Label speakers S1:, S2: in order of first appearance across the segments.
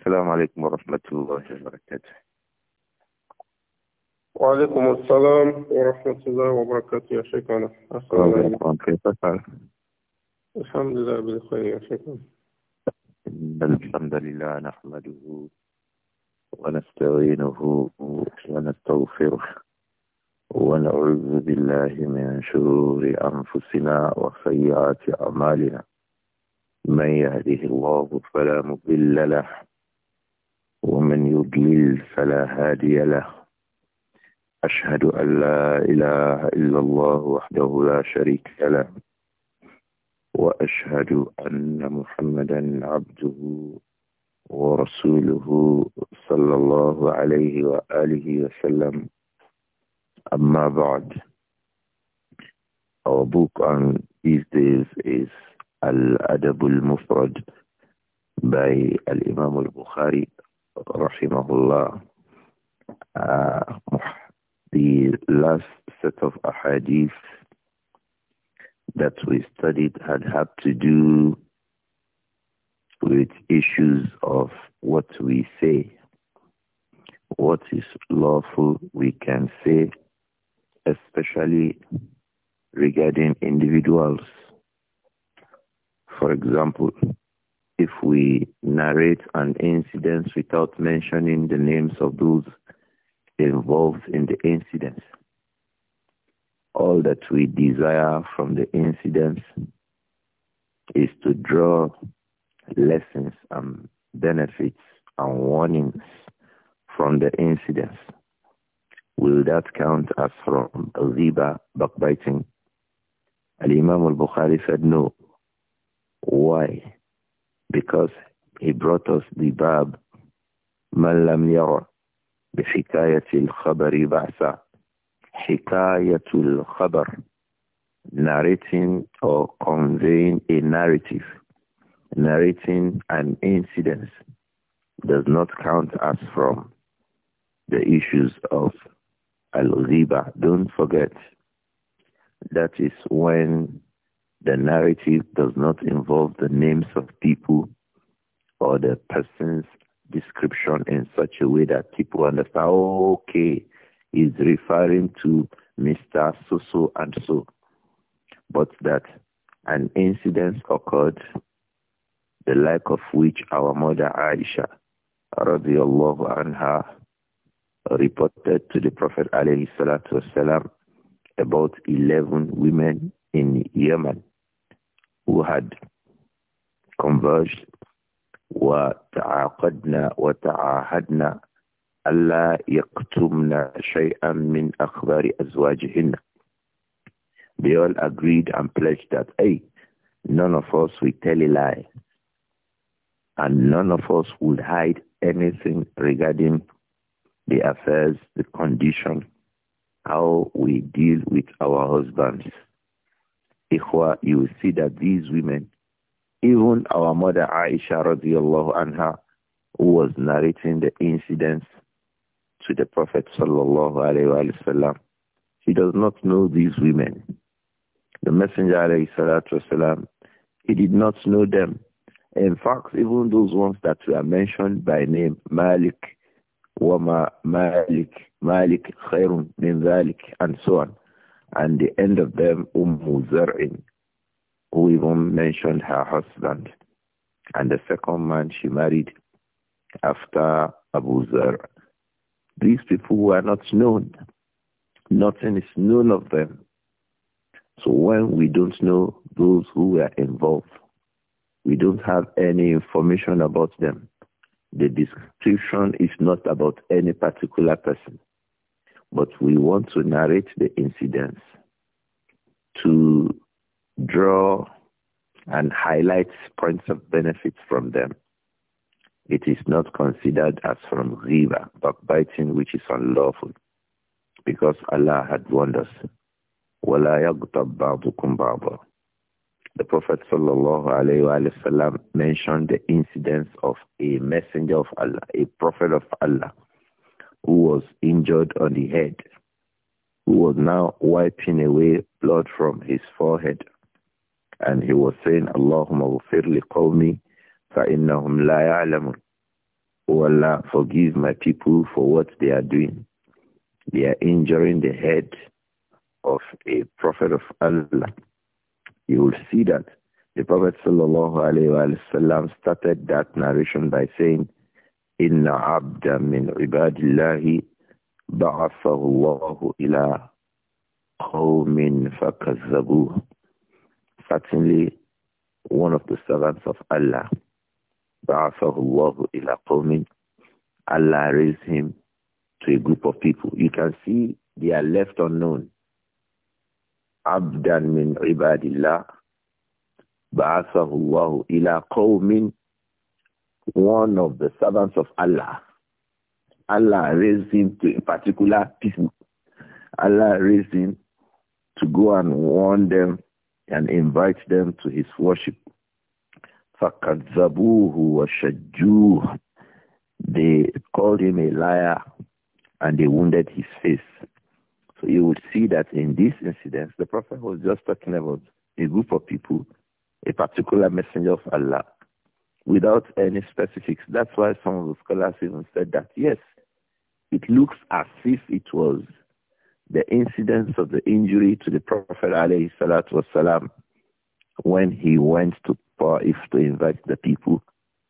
S1: السلام عليكم ورحمة الله وبركاته وعليكم السلام ورحمة الله وبركاته يا شيخنا السلام عليكم كيف حالك؟ الحمد لله بالخير يا شيخنا إن الحمد لله نحمده ونستعينه ونستغفره ونعوذ بالله من شرور أنفسنا وسيئات أعمالنا من يهده الله فلا مضل له ومن يضلل فلا هادي له أشهد أن لا إله إلا الله وحده لا شريك له وأشهد أن محمدا عبده ورسوله صلى الله عليه وآله وسلم أما بعد Our book on these days is Al-Adab al-Mufrad by Al-Imam al-Bukhari رحمه uh, the last set of ahadith that we studied had had to do with issues of what we say. What is lawful we can say, especially regarding individuals. For example, if we narrate an incident without mentioning the names of those involved in the incident. All that we desire from the incidents is to draw lessons and benefits and warnings from the incidents. Will that count as from riba, backbiting? Al-Imam al-Bukhari said no. Why? because he brought us the bab من the يرى بحكاية الخبر بأسا حكاية الخبر narrating or conveying a narrative narrating an incident does not count as from the issues of al-ghiba don't forget that is when the narrative does not involve the names of people or the person's description in such a way that people understand, oh, okay, he's referring to Mr. So-so and so. But that an incident occurred, the like of which our mother Aisha, radiallahu anha, reported to the Prophet alayhi salatu wasalam, about 11 women in Yemen who had converged وتعاقدنا وتعاهدنا ألا يكتمنا شيئا من أخبار أزواجهن. They all agreed and pledged that, hey, none of us will tell a lie. And none of us would hide anything regarding the affairs, the condition, how we deal with our husbands. Ikhwa, you will see that these women, even our mother Aisha radiallahu anha, who was narrating the incidents to the Prophet sallallahu alayhi wasallam, she does not know these women. The Messenger alayhi salatu wasallam, he did not know them. In fact, even those ones that were mentioned by name, Malik, Wama, Malik, Malik, Khairun, Min Malik, and so on and the end of them, Umm Zar'in, who even mentioned her husband. And the second man she married after Abu Zar. These people were not known. Nothing is known of them. So when we don't know those who were involved, we don't have any information about them. The description is not about any particular person. But we want to narrate the incidents to draw and highlight points of benefit from them. It is not considered as from riba, backbiting which is unlawful, because Allah had warned us. The Prophet ﷺ mentioned the incidents of a messenger of Allah, a prophet of Allah, who was injured on the head, who was now wiping away blood from his forehead. And he was saying, Allahumma ghafir li qawmi fa'innahum la ya'lamun. O oh Allah, forgive my people for what they are doing. They are injuring the head of a prophet of Allah. You will see that the Prophet sallallahu alayhi wa started that narration by saying, إن عبدا من عباد الله بعثه الله إلى قوم فكذبوه Certainly one of the servants of Allah بعثه الله إلى قوم Allah raised him to a group of people. You can see they are left unknown. عبدا من عباد الله بعثه الله إلى قوم one of the servants of Allah. Allah raised him to a particular people. Allah raised him to go and warn them and invite them to his worship. فَكَذَّبُوهُ وَشَجُّوهُ They called him a liar and they wounded his face. So you would see that in these incidents, the Prophet was just talking about a group of people, a particular messenger of Allah, without any specifics. That's why some of the scholars even said that, yes, it looks as if it was the incidence of the injury to the Prophet والسلام, when he went to Ta'if to invite the people,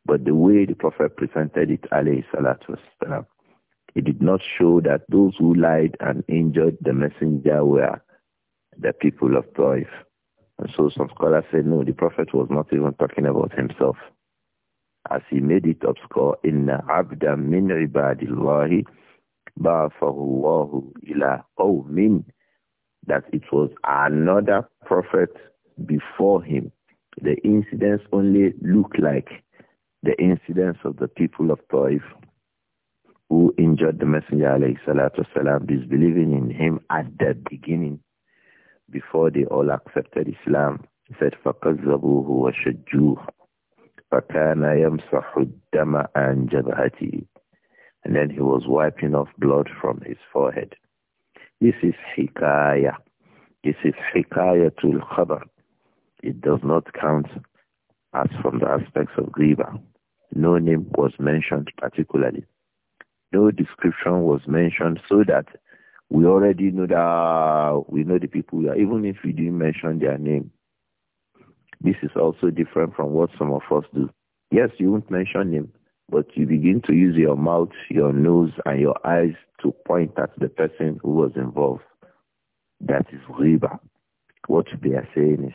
S1: but the way the Prophet presented it, والسلام, it did not show that those who lied and injured the messenger were the people of Ta'if. And so some scholars say, no, the Prophet was not even talking about himself as he made it obscure, Inna abda min ibadillahi ba'athahu ila qawmin, that it was another prophet before him. The incidents only look like the incidents of the people of Taif who injured the Messenger alayhi salatu wasalam, disbelieving in him at the beginning before they all accepted Islam. He said, فَقَذَّبُوهُ وَشَجُّوهُ فَكَانَ يَمْسَحُ الدَّمَ عَنْ جَبْهَتِهِ And then he was wiping off blood from his forehead. This is hikaya. This is hikayatul khabar. It does not count as from the aspects of riba. No name was mentioned particularly. No description was mentioned so that we already know that we know the people. Even if we didn't mention their name, this is also different from what some of us do. Yes, you won't mention him, but you begin to use your mouth, your nose, and your eyes to point at the person who was involved. That is riba. What they are saying is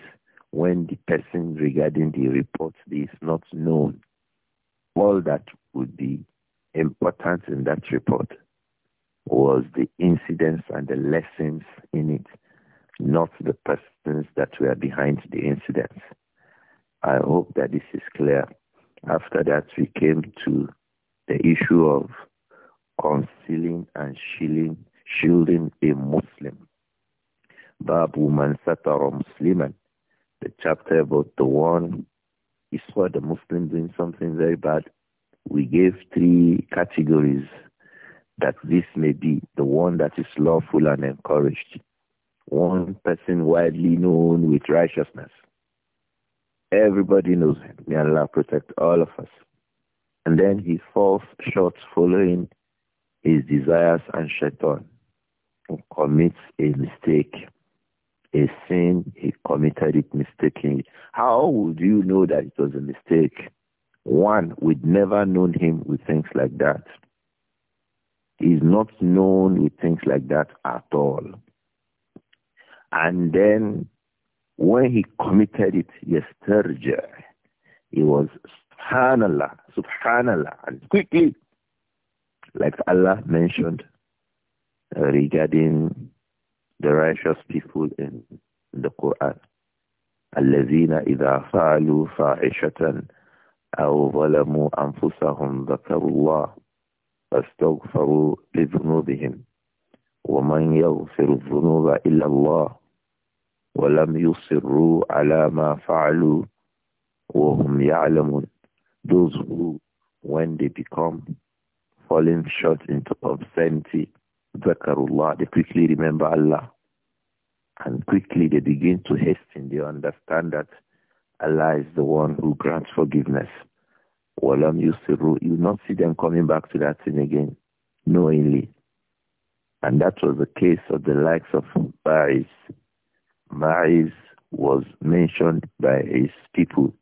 S1: when the person regarding the report is not known, all that would be important in that report was the incidents and the lessons in it not the persons that were behind the incident. I hope that this is clear. After that, we came to the issue of concealing and shielding, shielding a Muslim. Babu man satara musliman. The chapter about the one is for the Muslim doing something very bad. We gave three categories that this may be the one that is lawful and encouraged one person widely known with righteousness. Everybody knows him. May Allah protect all of us. And then he falls short following his desires and shaitan. He commits a mistake, a sin, he committed it mistakenly. How would you know that it was a mistake? One, we'd never known him with things like that. He's not known with things like that at all. And then when he committed it, yesterday, he was subhanallah, subhanallah, and quickly, like Allah mentioned uh, regarding the righteous people in, in the Quran. الذين إذا فعلوا فاحشة أو ظلموا أنفسهم ذكروا الله فاستغفروا لذنوبهم ومن يغفر الذنوب إلا الله وَلَمْ يُصِرُّوا عَلَى مَا فَعَلُوا وَهُمْ يَعْلَمُونَ Those who, when they become falling short into obscenity, ذَكَرُوا They quickly remember Allah. And quickly they begin to hasten. They understand that Allah is the one who grants forgiveness. وَلَمْ يُصِرُّوا You not see them coming back to that sin again, knowingly. And that was the case of the likes of Baris, Ma'iz was mentioned by his people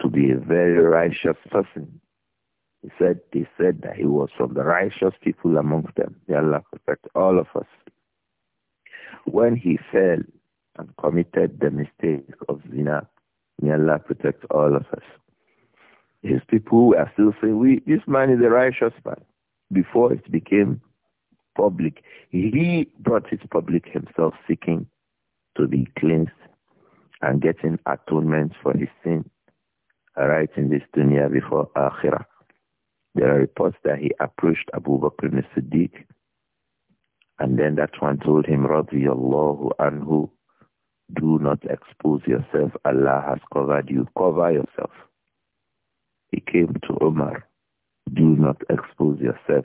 S1: to be a very righteous person. He said, they said that he was from the righteous people amongst them. May Allah protect all of us. When he fell and committed the mistake of zina, may Allah protect all of us. His people were still saying, we, this man is a righteous man. Before it became public, he brought it public himself seeking to be cleansed and getting atonement for his sin, right in this dunya before akhirah. There are reports that he approached Abu Bakr as siddiq and then that one told him, radiyallahu anhu, do not expose yourself. Allah has covered you. Cover yourself. He came to Omar. Do not expose yourself.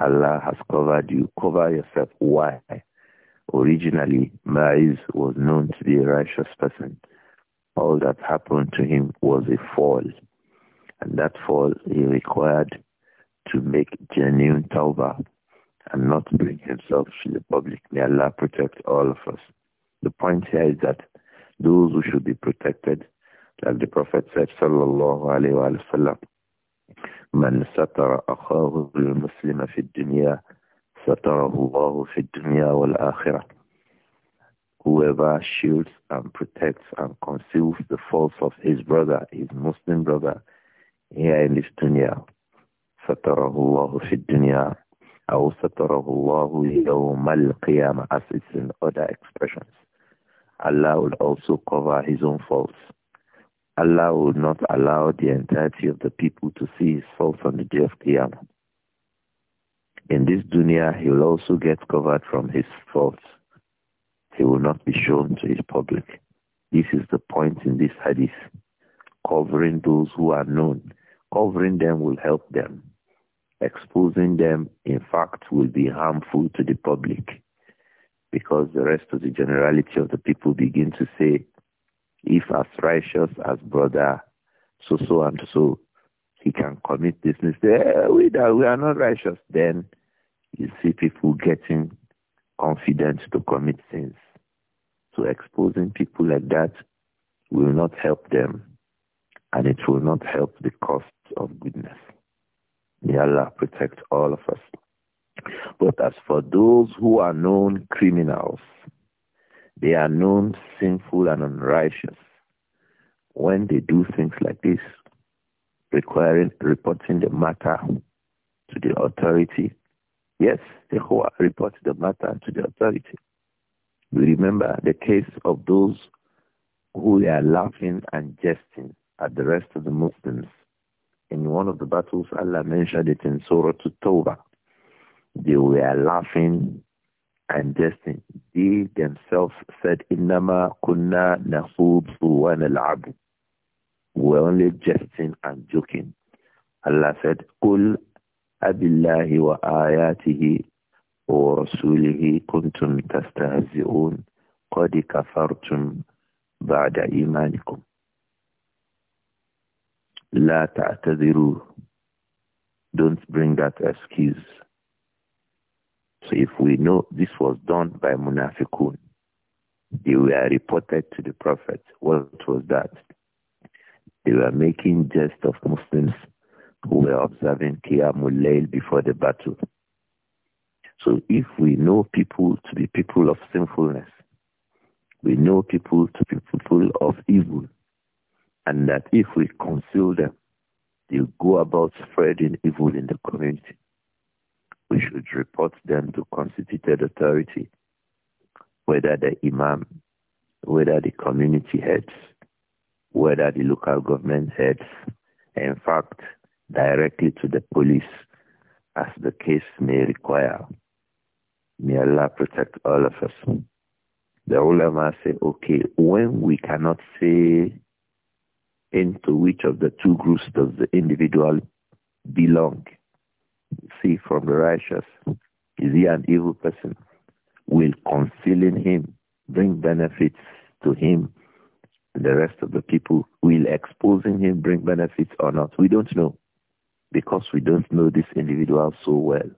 S1: Allah has covered you. Cover yourself. Why? Originally, Ma'iz was known to be a righteous person. All that happened to him was a fall. And that fall he required to make genuine tawbah and not bring himself to the public. May Allah protect all of us. The point here is that those who should be protected, like the Prophet said, sallallahu alayhi Wasallam, من ستر أخاه المسلم في الدنيا سَتَرَهُ اللَّهُ فِي الدُّنْيَا وَالْآخِرَةِ Whoever shields and protects and conceals the faults of his brother, his Muslim brother, here in this dunya, سَتَرَهُ اللَّهُ فِي الدُّنْيَا أو سَتَرَهُ اللَّهُ يَوْمَ الْقِيَامَةِ as it's in other expressions. Allah will also cover his own faults. Allah will not allow the entirety of the people to see his faults on the day of Qiyamah. In this dunya, he will also get covered from his faults. He will not be shown to his public. This is the point in this hadith. Covering those who are known. Covering them will help them. Exposing them, in fact, will be harmful to the public because the rest of the generality of the people begin to say, if as righteous as brother so so and so, he can commit this mistake. Eh, we, we are not righteous. Then you see people getting confident to commit sins. So exposing people like that will not help them and it will not help the cause of goodness. May Allah protect all of us. But as for those who are known criminals, they are known sinful and unrighteous. When they do things like this, requiring reporting the matter to the authority, Yes, Ikhwa report the matter to the authority. We remember the case of those who were laughing and jesting at the rest of the Muslims. In one of the battles, Allah mentioned it in Surah to Tawbah. They were laughing and jesting. They themselves said, Innama kunna nasubu wa nal'abu. We're only jesting and joking. Allah said, Qul wa أبالله وآياته ورسوله كنتم تستهزئون قد كفرتم بعد إيمانكم لا تعتذروا don't bring that excuse so if we know this was done by munafiqun they were reported to the prophet what was that they were making jest of muslims who were observing Qiyamul Layl before the battle. So if we know people to be people of sinfulness, we know people to be people of evil, and that if we conceal them, they go about spreading evil in the community. We should report them to constituted authority, whether the imam, whether the community heads, whether the local government heads. In fact, directly to the police as the case may require. May Allah protect all of us. The ulama say, okay, when we cannot say into which of the two groups does the individual belong, see from the righteous, is he an evil person? Will concealing him bring benefits to him and the rest of the people? Will exposing him bring benefits or not? We don't know because we don't know this individual so well,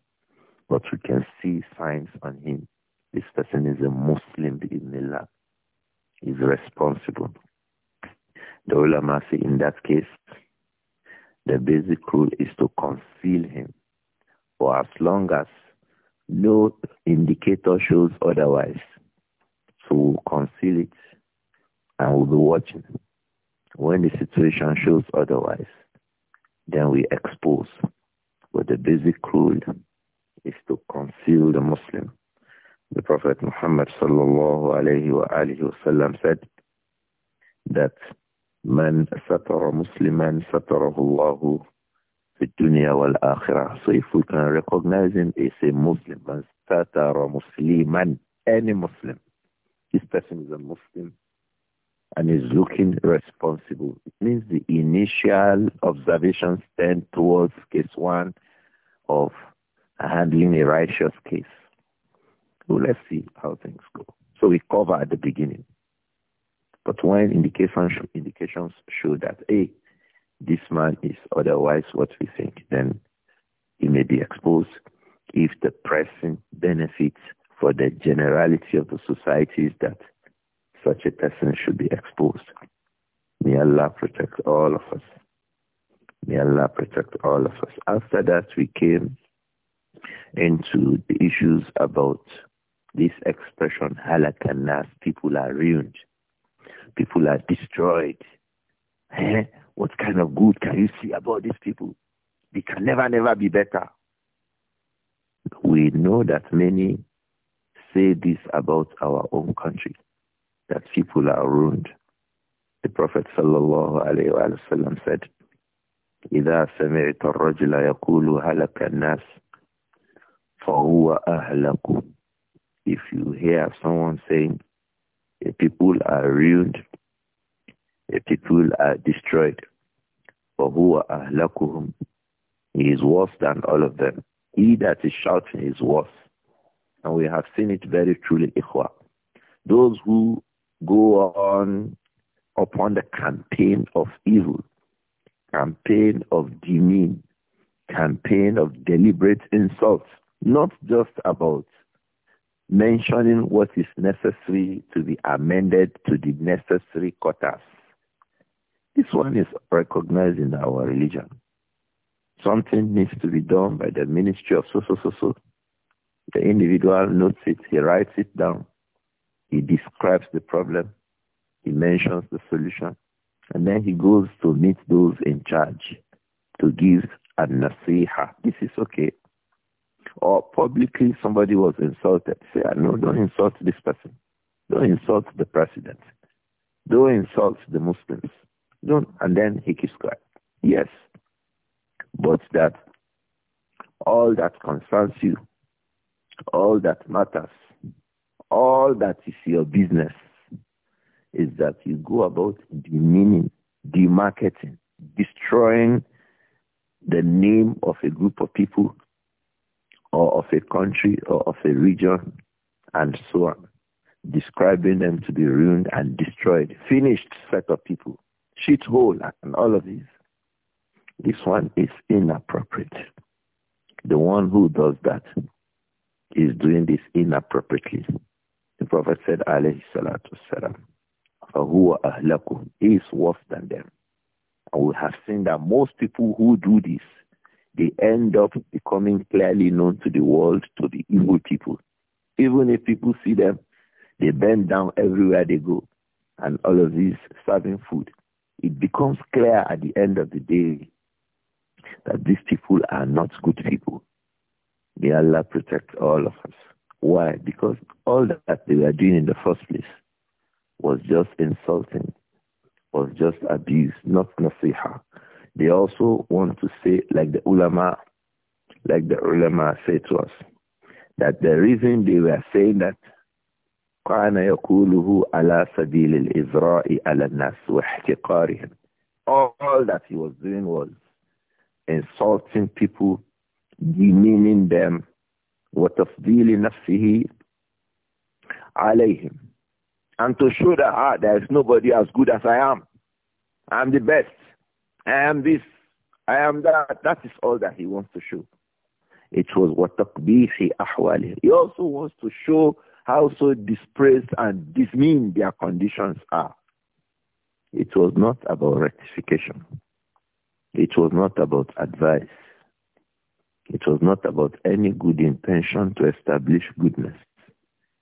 S1: but we can see signs on him. This person is a Muslim in Allah. He's responsible. The ulama say in that case, the basic rule is to conceal him for as long as no indicator shows otherwise. So we'll conceal it and we'll be watching when the situation shows otherwise then we expose. But the basic rule is to conceal the Muslim. The Prophet Muhammad sallallahu alayhi wa alihi wasallam said that man satara musliman satarahu Allahu fi dunya wal akhirah. So if we can recognize him as a Muslim, man satara musliman, any Muslim, this person is a Muslim, and is looking responsible. It means the initial observations tend towards case one of handling a righteous case. So let's see how things go. So we cover at the beginning. But when indications, indications show that, A, this man is otherwise what we think, then he may be exposed if the pressing benefits for the generality of the society is that such a person should be exposed. May Allah protect all of us. May Allah protect all of us. After that, we came into the issues about this expression, halakanas, people are ruined. People are destroyed. Eh? What kind of good can you see about these people? They can never, never be better. We know that many say this about our own country that people are ruined. The Prophet sallallahu alayhi wa sallam said, إذا سمعت الرجل يقول هلك الناس فهو أهلك If you hear someone saying, the people are ruined, the people are destroyed, فهو أهلكهم He is worse than all of them. He that is shouting is worse. And we have seen it very truly, Ikhwa. Those who go on upon the campaign of evil, campaign of demean, campaign of deliberate insult, not just about mentioning what is necessary to be amended to the necessary quotas. This one is recognized in our religion. Something needs to be done by the ministry of so, so, so, so. The individual notes it, he writes it down. He describes the problem. He mentions the solution. And then he goes to meet those in charge to give a nasiha. This is okay. Or publicly somebody was insulted. Say, ah, no, don't insult this person. Don't insult the president. Don't insult the Muslims. Don't. And then he keeps quiet. Yes. But that all that concerns you, all that matters all that is your business is that you go about demeaning, demarketing, destroying the name of a group of people or of a country or of a region and so on, describing them to be ruined and destroyed, finished set of people, shit hole and all of these. This one is inappropriate. The one who does that is doing this inappropriately. The Prophet said, alayhi salatu wasalam, فَهُوَ أَهْلَكُمْ He is worse than them. And we have seen that most people who do this, they end up becoming clearly known to the world, to the evil people. Even if people see them, they bend down everywhere they go. And all of this serving food. It becomes clear at the end of the day that these people are not good people. May Allah protect all of us. Why? Because all that they were doing in the first place was just insulting, was just abuse, not nasiha. They also want to say, like the ulama, like the ulama say to us, that the reason they were saying that كان يقوله على سبيل الإزراء على الناس واحتقارهم. All that he was doing was insulting people, demeaning them, وتفضيل نفسه عليهم and to show that ah, there is nobody as good as I am. I am the best. I am this. I am that. That is all that he wants to show. It was وَتَقْبِيحِ أَحْوَالِهِ He also wants to show how so dispraised and dismean their conditions are. It was not about rectification. It was not about advice. It was not about any good intention to establish goodness.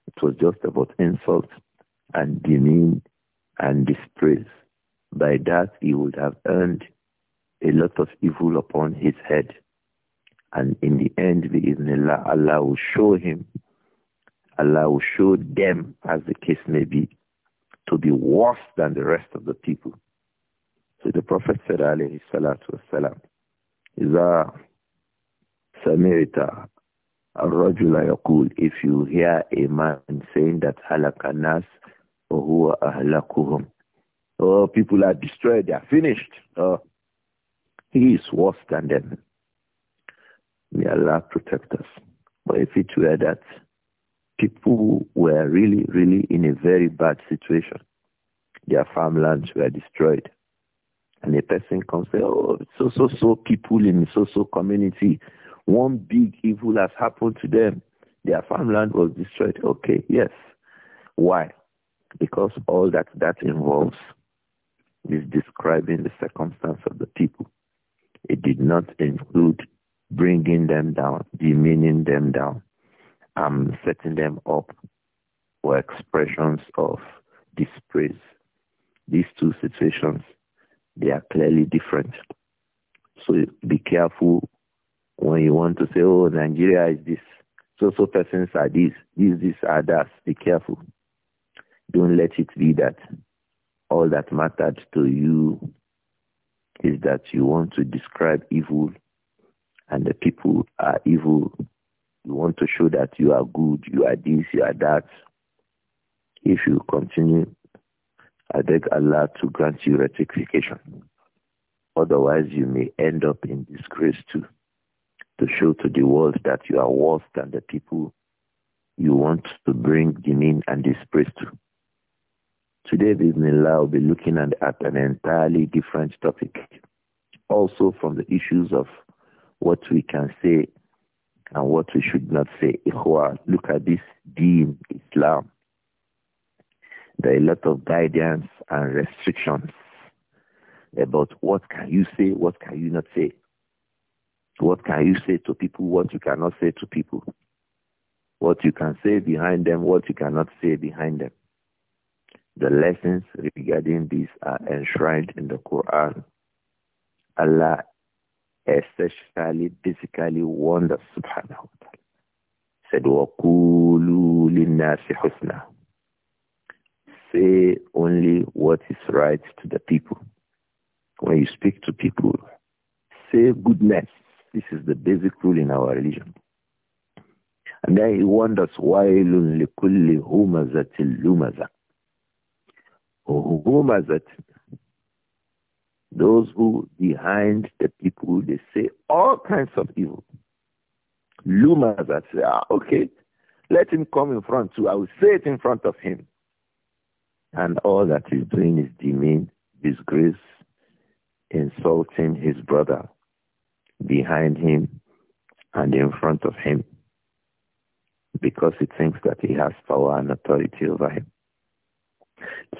S1: It was just about insult and demean and dispraise. By that he would have earned a lot of evil upon his head. And in the end, Allah, Allah will show him, Allah will show them, as the case may be, to be worse than the rest of the people. So the Prophet said, alayhi salatu wasalam, a Samirita Rajula Yaqul, if you hear a man saying that halakanas or who ahlakuhum, oh, people are destroyed, they are finished. Oh, he is worse than them. May Allah protect us. But if it were that people were really, really in a very bad situation, their farmlands were destroyed. And a person comes, say, oh, so, so, so people in so, so community, one big evil has happened to them. Their farmland was destroyed. Okay, yes. Why? Because all that that involves is describing the circumstance of the people. It did not include bringing them down, demeaning them down, um, setting them up were expressions of dispraise. These two situations, they are clearly different. So be careful when you want to say, oh, Nigeria is this, so-so persons are this, these, these are that. Be careful. Don't let it be that all that mattered to you is that you want to describe evil and the people are evil. You want to show that you are good, you are this, you are that. If you continue, I beg Allah to grant you rectification. Otherwise, you may end up in disgrace too to show to the world that you are worse than the people you want to bring demean and disgrace to. Today, Bismillah will be looking at, an entirely different topic, also from the issues of what we can say and what we should not say. Ikhwa, look at this deen, Islam. There are a lot of guidance and restrictions about what can you say, what can you not say. What can you say to people? What you cannot say to people? What you can say behind them? What you cannot say behind them? The lessons regarding this are enshrined in the Quran. Allah especially basically warned us subhanahu wa ta'ala. Said, وَقُولُوا لِلنَّاسِ husna." Say only what is right to the people. When you speak to people, say goodness. This is the basic rule in our religion. And then he warned us, وَيْلٌ لِكُلِّ هُمَزَةٍ لُمَزَةٍ Humazat, those who behind the people, they say all kinds of evil. Lumazat say, ah, okay, let him come in front too. I will say it in front of him. And all that he's doing is demean, disgrace, insulting his brother, behind him and in front of him because he thinks that he has power and authority over him.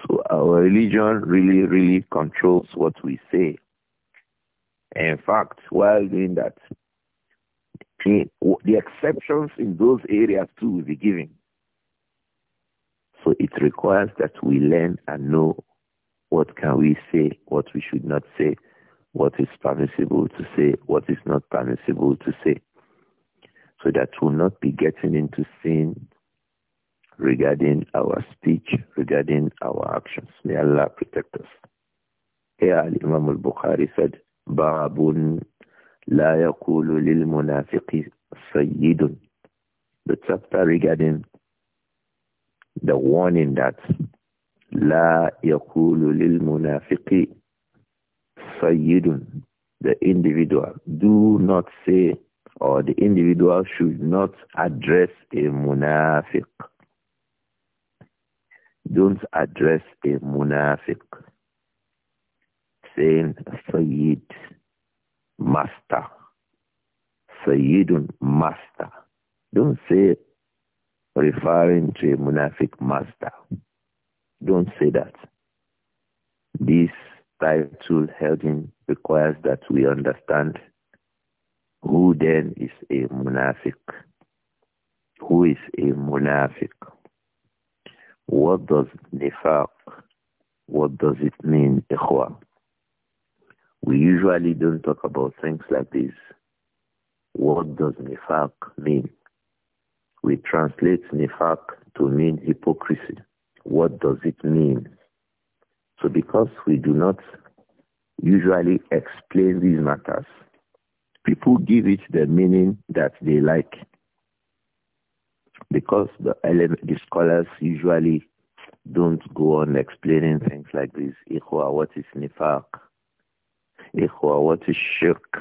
S1: So our religion really, really controls what we say. In fact, while doing that, the exceptions in those areas too will be given. So it requires that we learn and know what can we say, what we should not say, what is permissible to say, what is not permissible to say, so that we'll not be getting into sin regarding our speech, regarding our actions. May Allah protect us. Here Imam al-Bukhari said, la لَا lil munafiqi سَيِّدٌ The chapter regarding the warning that "la لَا lil munafiqi." sayyidun, the individual. Do not say, or the individual should not address a munafiq. Don't address a munafiq. Saying sayyid, master. Sayyidun, master. Don't say referring to a munafiq master. Don't say that. This title heading requires that we understand who then is a munafiq. Who is a munafiq? What does nifaq? What does it mean, ikhwa? We usually don't talk about things like this. What does nifaq mean? We translate nifaq to mean hypocrisy. What does it mean? So because we do not usually explain these matters, people give it the meaning that they like. Because the, the scholars usually don't go on explaining things like this. Ikhwa, what is nifaq? Ikhwa, what is shirk?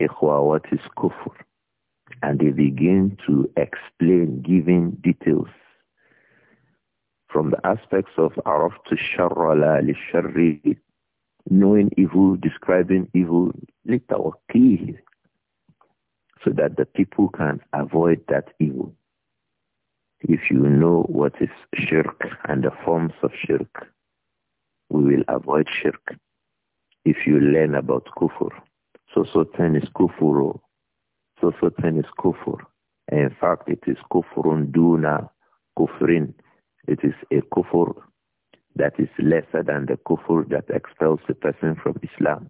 S1: Ikhwa, what is kufr? And they begin to explain, giving details from the aspects of araf عرفت al لا sharri, knowing evil, describing evil, key so that the people can avoid that evil. If you know what is shirk and the forms of shirk, we will avoid shirk. If you learn about kufur, so so ten is kufur, oh. so so ten is kufur. In fact, it is kufrun duna kufrin. It is a kufr that is lesser than the kufr that expels a person from Islam.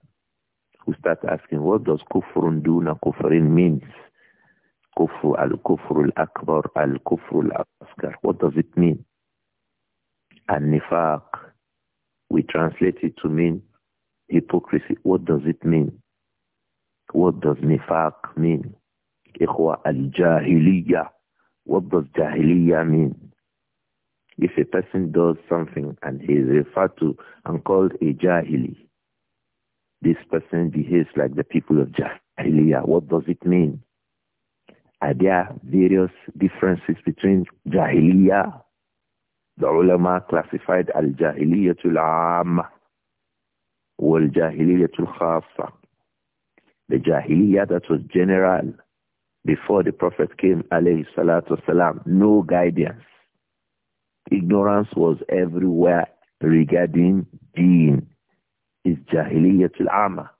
S1: We start asking, what does kufrun duna kufrin means? Kufr al-kufr al-akbar al-kufr al-askar. What does it mean? An-nifaq. We translate it to mean hypocrisy. What does it mean? What does nifaq mean? Ikhwa al-jahiliyyah. What does jahiliyyah mean? a person does something and he is referred to and called a jahili, this person behaves like the people of jahiliyah. What does it mean? Are there various differences between jahiliyah? The ulama classified al al amma wal al khassa. The jahiliyyah that was general before the Prophet came, alayhi salatu salam, no guidance Ignorance was everywhere regarding deen. It's jahiliyatul amma.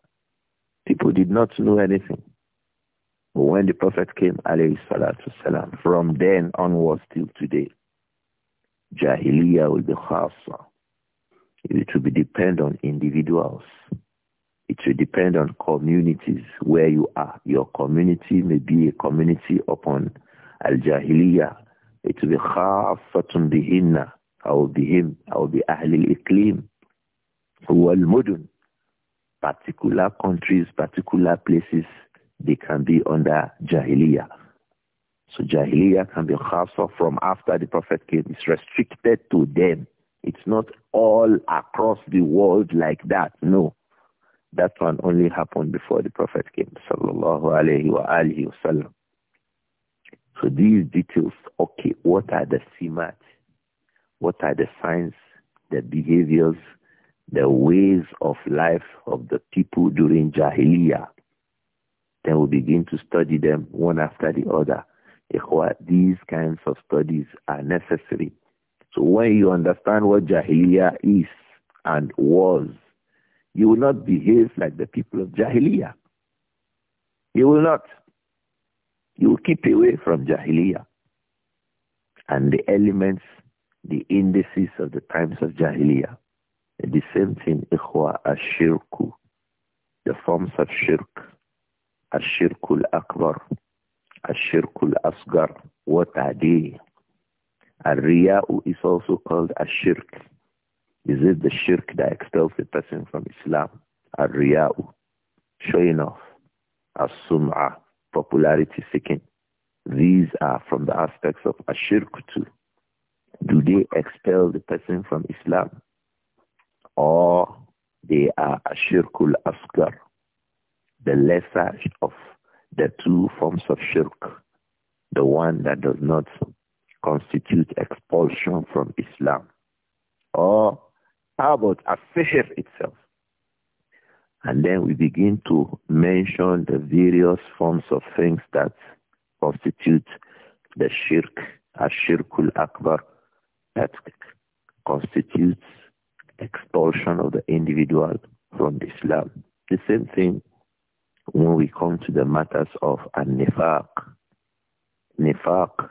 S1: People did not know anything. But when the Prophet came, alayhi salatu salam, from then onwards till today, jahiliyyah will be khasa. It will be depend on individuals. It will depend on communities where you are. Your community may be a community upon al-jahiliyyah it will be خاصة بهن أو بهم أو بأهل الإقليم mudun particular countries, particular places, they can be under Jahiliyyah. So Jahiliyyah can be khasa from after the Prophet came. It's restricted to them. It's not all across the world like that. No. That one only happened before the Prophet came. Sallallahu alayhi wa alihi wa sallam. So these details, okay, what are the simat? What are the signs, the behaviors, the ways of life of the people during Jahiliyyah? Then we begin to study them one after the other. These kinds of studies are necessary. So when you understand what Jahiliyyah is and was, you will not behave like the people of Jahiliyyah. You will not. You keep away from Jahiliyyah and the elements, the indices of the times of Jahiliyyah. The same thing, ikhwa ashirku, the forms of shirk, ashirkul akbar, ashirkul asgar, what are they? Al-riya'u is also called ashirk. Is it the shirk that expels the person from Islam? Al-riya'u, showing off, as-sum'ah, popularity seeking. These are from the aspects of ashirk too. Do they expel the person from Islam? Or they are ashirkul askar, the lesser of the two forms of shirk, the one that does not constitute expulsion from Islam. Or how about a itself? And then we begin to mention the various forms of things that constitute the shirk, ashirkul akbar, that constitutes expulsion of the individual from Islam. The same thing when we come to the matters of an-nifaq. Nifaq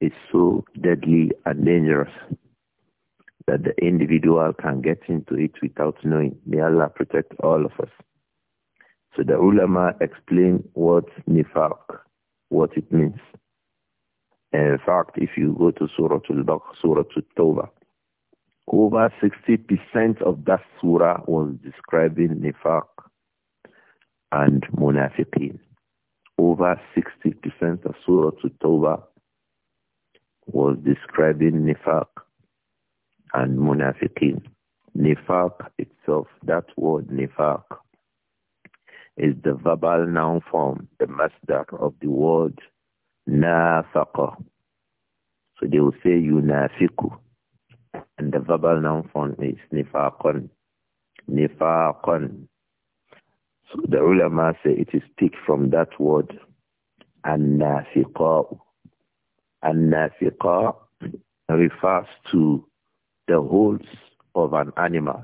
S1: is so deadly and dangerous that the individual can get into it without knowing. May Allah protect all of us. So the ulama explain what nifaq, what it means. In fact, if you go to Surah Al-Baqarah, Surah Al-Tawbah, over 60% of that surah was describing nifaq and munafiqin. Over 60% of Surah Al-Tawbah was describing nifaq and munafiqin. Nifaq itself, that word nifaq, is the verbal noun form, the masdar of the word nafaqa. So they will say yunafiku. And the verbal noun form is nifaqan. Nifaqan. So the ulama say it is taken from that word an-nafiqa. An-nafiqa refers to the holes of an animal.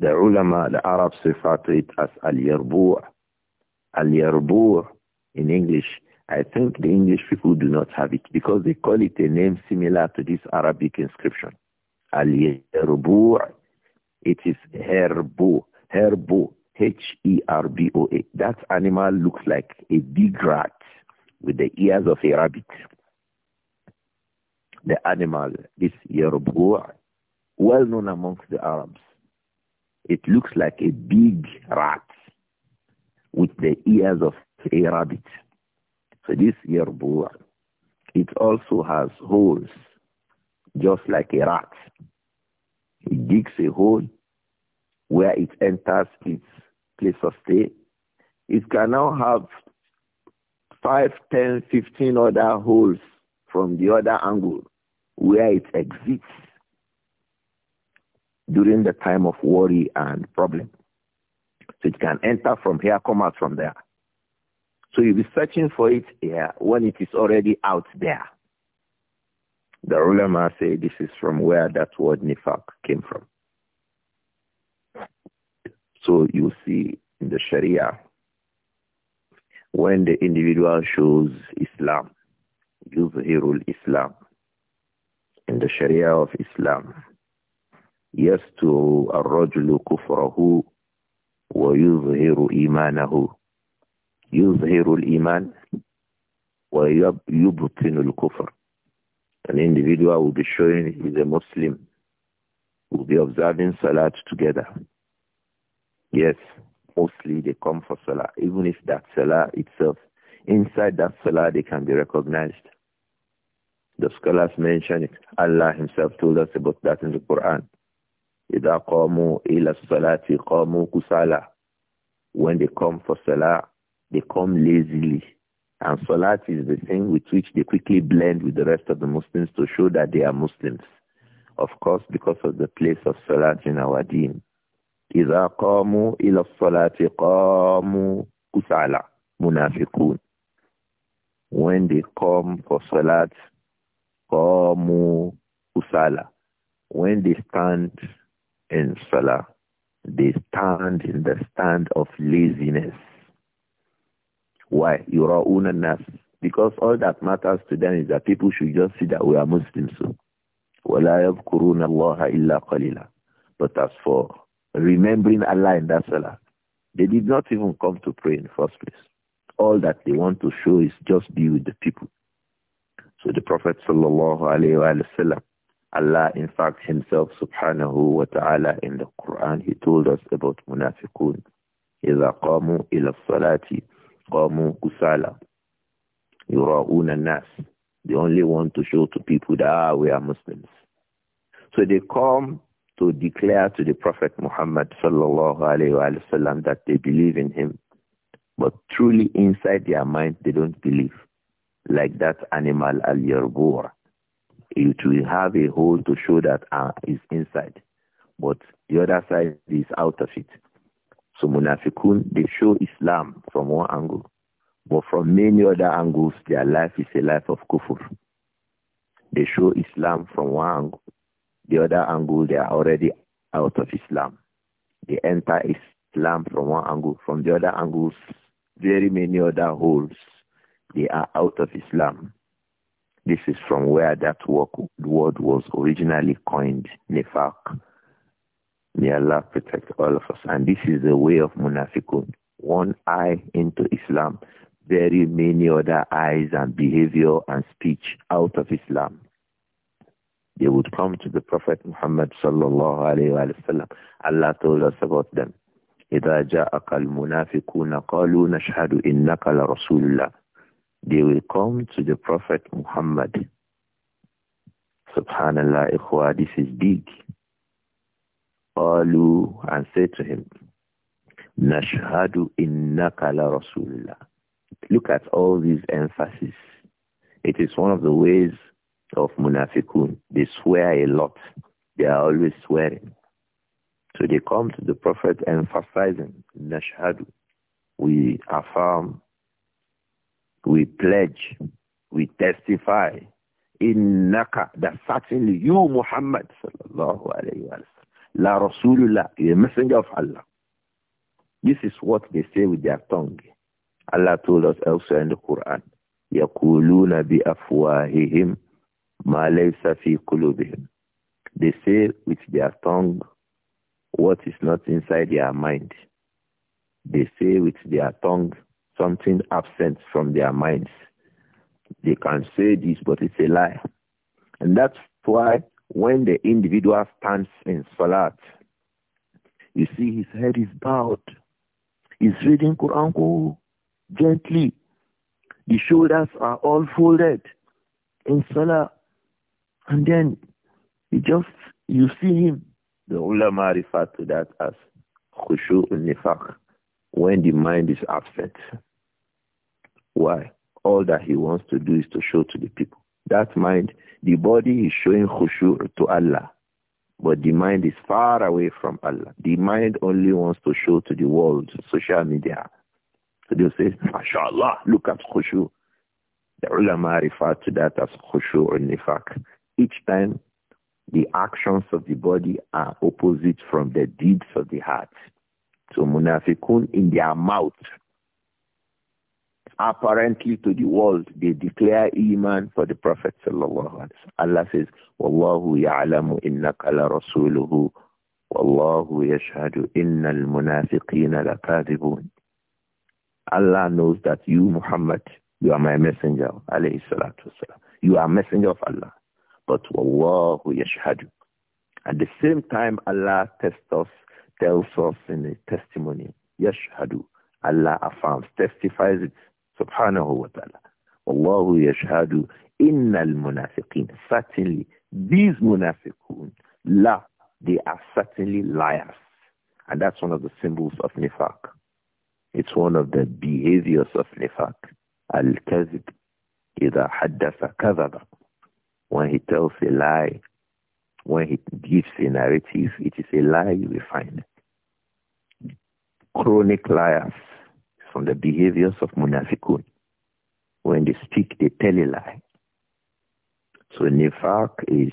S1: The ulama, the Arabs refer to it as al-yarbu' al-yarbu' in English. I think the English people do not have it because they call it a name similar to this Arabic inscription. Al-yarbu' it is herbu' herbu' H-E-R-B-O-A. That animal looks like a big rat with the ears of a rabbit the animal, this yerbua, well known amongst the Arabs. It looks like a big rat with the ears of a rabbit. So this yerbua, it also has holes, just like a rat. It digs a hole where it enters its place of stay. It can now have five, ten, fifteen other holes from the other angle where it exists during the time of worry and problem. So it can enter from here, come out from there. So you'll be searching for it here when it is already out there. The ruler must say this is from where that word nifaq came from. So you see in the Sharia, when the individual shows Islam, yuzhirul Islam, in the Sharia of Islam. yes, يستر الرجل كفره ويظهر iman wa الإيمان ويبطن الكفر An individual will be showing he's a Muslim, will be observing Salat together. Yes, mostly they come for Salah. Even if that Salah itself, inside that Salah they can be recognized. The scholars mention it. Allah himself told us about that in the Quran. إِذَا إِلَى الصَّلَاةِ When they come for salah, they come lazily. And salat is the thing with which they quickly blend with the rest of the Muslims to show that they are Muslims. Of course, because of the place of salat in our deen. إِذَا قَامُوا إِلَى الصَّلَاةِ قَامُوا كُسَالًا Munafiqun. When they come for salat, qamu usala. When they stand in salah, they stand in the stand of laziness. Why? Yura'una nas. Because all that matters to them is that people should just see that we are Muslims. وَلَا يَذْكُرُونَ اللَّهَ إِلَّا قَلِيلًا But as for remembering Allah in that salah, they did not even come to pray in the first place. All that they want to show is just be with the people to the Prophet sallallahu alaihi wasallam. Allah, in fact, himself subhanahu wa ta'ala in the Quran, he told us about munafiqun. إِذَا قَامُوا إِلَى الصَّلَاةِ قَامُوا كُسَالًا يُرَاءُونَ النَّاسِ They only want to show to people that ah, we are Muslims. So they come to declare to the Prophet Muhammad sallallahu alayhi wa sallam that they believe in him. But truly inside their mind, they don't believe like that animal al-yarbur. It will have a hole to show that uh, it's inside, but the other side is out of it. So munafikun, they show Islam from one angle, but from many other angles, their life is a life of kufur. They show Islam from one angle, the other angle, they are already out of Islam. They enter Islam from one angle, from the other angles, very many other holes they are out of Islam. This is from where that word was originally coined, Nefak. May Allah protect all of us. And this is the way of munafikun. One eye into Islam, very many other eyes and behavior and speech out of Islam. They would come to the Prophet Muhammad sallallahu alayhi wa sallam. Allah told us about them. إذا جاءك المنافقون قالوا نشهد إنك لرسول الله they will come to the Prophet Muhammad. Subhanallah, ikhwa, this is big. Alu and say to him, Nashhadu innaka la Rasulullah. Look at all these emphasis. It is one of the ways of munafiqun. They swear a lot. They are always swearing. So they come to the Prophet emphasizing, Nashhadu. We affirm we pledge, we testify, in Naka that certainly you, Muhammad, sallallahu alayhi wa la rasulullah, a messenger of Allah. This is what they say with their tongue. Allah told us elsewhere in the Quran, يَقُولُونَ بِأَفْوَاهِهِمْ مَا لَيْسَ فِي قُلُوبِهِمْ They say with their tongue what is not inside their mind. They say with their tongue something absent from their minds. They can say this, but it's a lie. And that's why when the individual stands in Salat, you see his head is bowed. He's reading Quran gently. The shoulders are all folded in Salah. And then you just, you see him. The ulama refer to that as khushu nifaq, when the mind is absent. Why? All that he wants to do is to show to the people. That mind, the body is showing khushur to Allah, but the mind is far away from Allah. The mind only wants to show to the world, social media. So they'll say, MashaAllah, look at khushu. The ulama refer to that as khushu or nifaq. Each time, the actions of the body are opposite from the deeds of the heart. So munafikun in their mouth, apparently to the world, they declare iman for the Prophet sallallahu Allah says, "Wallahu ya'lamu innaka la rasuluhu, wallahu yashhadu innal munafiqina lakadibun." Allah knows that you, Muhammad, you are my messenger, alayhi salatu wasalam. You are messenger of Allah. But wallahu yashhadu. At the same time, Allah tests us, tells us in a testimony, yashhadu. Allah affirms, testifies it subhanahu wa ta'ala. Wallahu yashhadu innal munafiqin. Certainly, these munafiqun, la, they are certainly liars. And that's one of the symbols of nifaq. It's one of the behaviors of nifaq. Al-kazib, إذا حدث كذب. When he tells a lie, when he gives a narrative, it is a lie we find. Chronic liars, from the behaviors of munafiqun. When they speak, they tell a lie. So nifaq is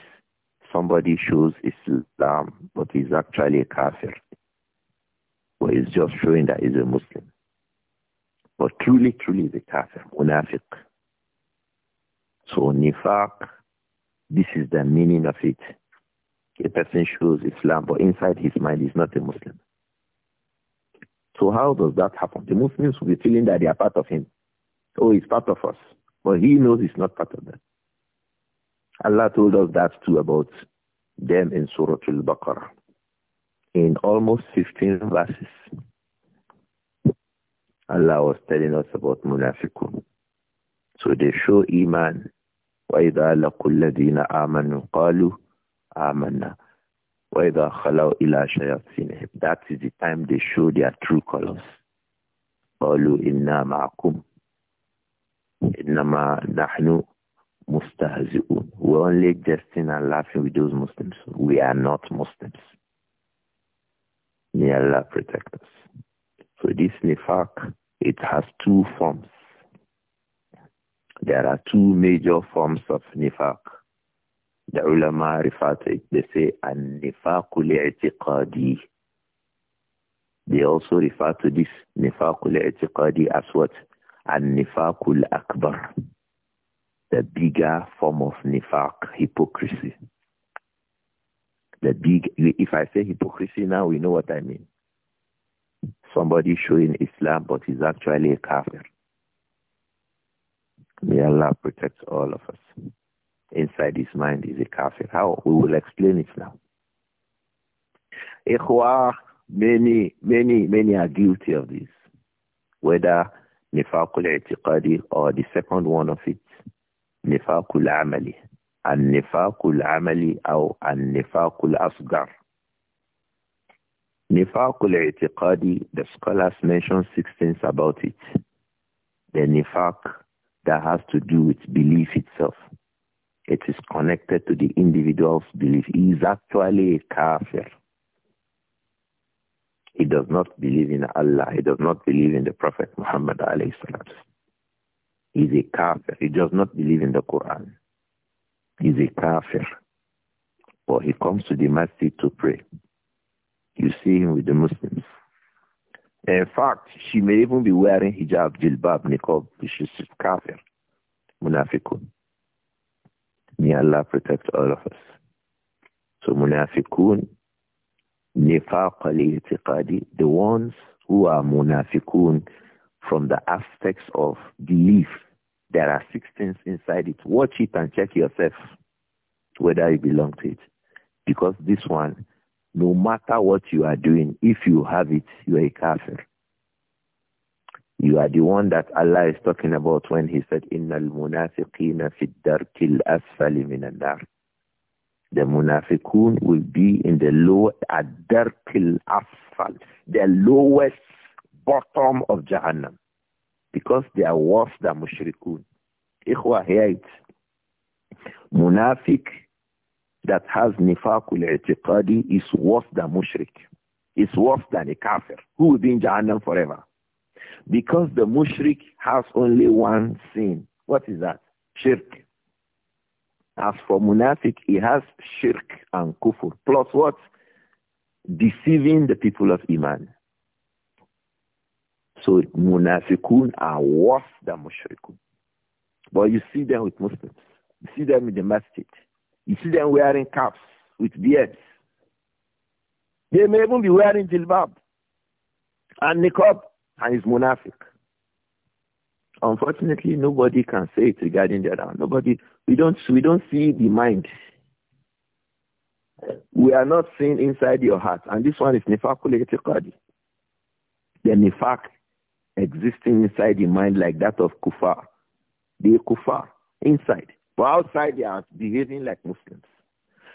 S1: somebody shows Islam, but is actually a kafir. Or is just showing that he's a Muslim. But truly, truly the kafir, munafiq. So nifaq, this is the meaning of it. A person shows Islam, but inside his mind he's not a Muslim. So how does that happen? The Muslims will be feeling that they are part of him. Oh, he's part of us. But he knows he's not part of them. Allah told us that too about them in Surah Al-Baqarah in almost 15 verses. Allah was telling us about munafiqun. So they show iman. وَإِذَا لَقُوا الَّذِينَ آمَنُوا قَالُوا آمَنَّا that is the time they show their true colors. مُسْتَهْزِئُونَ We're only jesting and laughing with those Muslims. We are not Muslims. May Allah protect us. So this nifaq, it has two forms. There are two major forms of nifaq. The ulama refer to it, they say, an-nifaqul i'tiqadi. They also refer to this nifaqul i'tiqadi as what? An-nifaqul akbar. The bigger form of nifaq, hypocrisy. The big, if I say hypocrisy now, we know what I mean. Somebody showing Islam, but is actually a kafir. May Allah protect all of us inside his mind is a kafir. How? We will explain it now. Ikhwa, many, many, many are guilty of this, whether nifakul i'tiqadi or the second one of it, nifakul amali. al nifakul amali or al nifakul asgar. Nifakul i'tiqadi, the scholars mention six things about it. The nifak that has to do with belief itself it is connected to the individual's belief. He is actually a kafir. He does not believe in Allah. He does not believe in the Prophet Muhammad alayhi salatu. He's a kafir. He does not believe in the Quran. He's a kafir. But he comes to the masjid to pray. You see him with the Muslims. In fact, she may even be wearing hijab, jilbab, niqab. is kafir, munafiqun. May Allah protect all of us. So munafiqun, nifaq al-i'tiqadi, the ones who are munafiqun from the aspects of belief. There are six things inside it. Watch it and check yourself whether you belong to it. Because this one, no matter what you are doing, if you have it, you are a kafir. You are the one that Allah is talking about when he said, Innal munafiqina fi asfali minan The munafiqun will be in the lower, at darkil asfal, the lowest bottom of Jahannam. Because they are worse than mushrikun. Ikhwa, hear it. Munafiq that has nifaqul i'tiqadi is worse than mushrik. It's worse than a kafir who will be in Jahannam forever. Because the mushrik has only one sin. What is that? Shirk. As for munafiq, he has shirk and kufur, Plus what? Deceiving the people of Iman. So munafiqun are worse than mushrikun. But you see them with Muslims. You see them in the masjid. You see them wearing caps with beards. They may even be wearing jilbab and niqab and is munafiq. Unfortunately, nobody can say it regarding the other. Nobody, we don't, we don't see the mind. We are not seeing inside your heart. And this one is nifakul etiqadi. The nifak existing inside the mind like that of kufar. the kufar inside. But outside they are behaving like Muslims.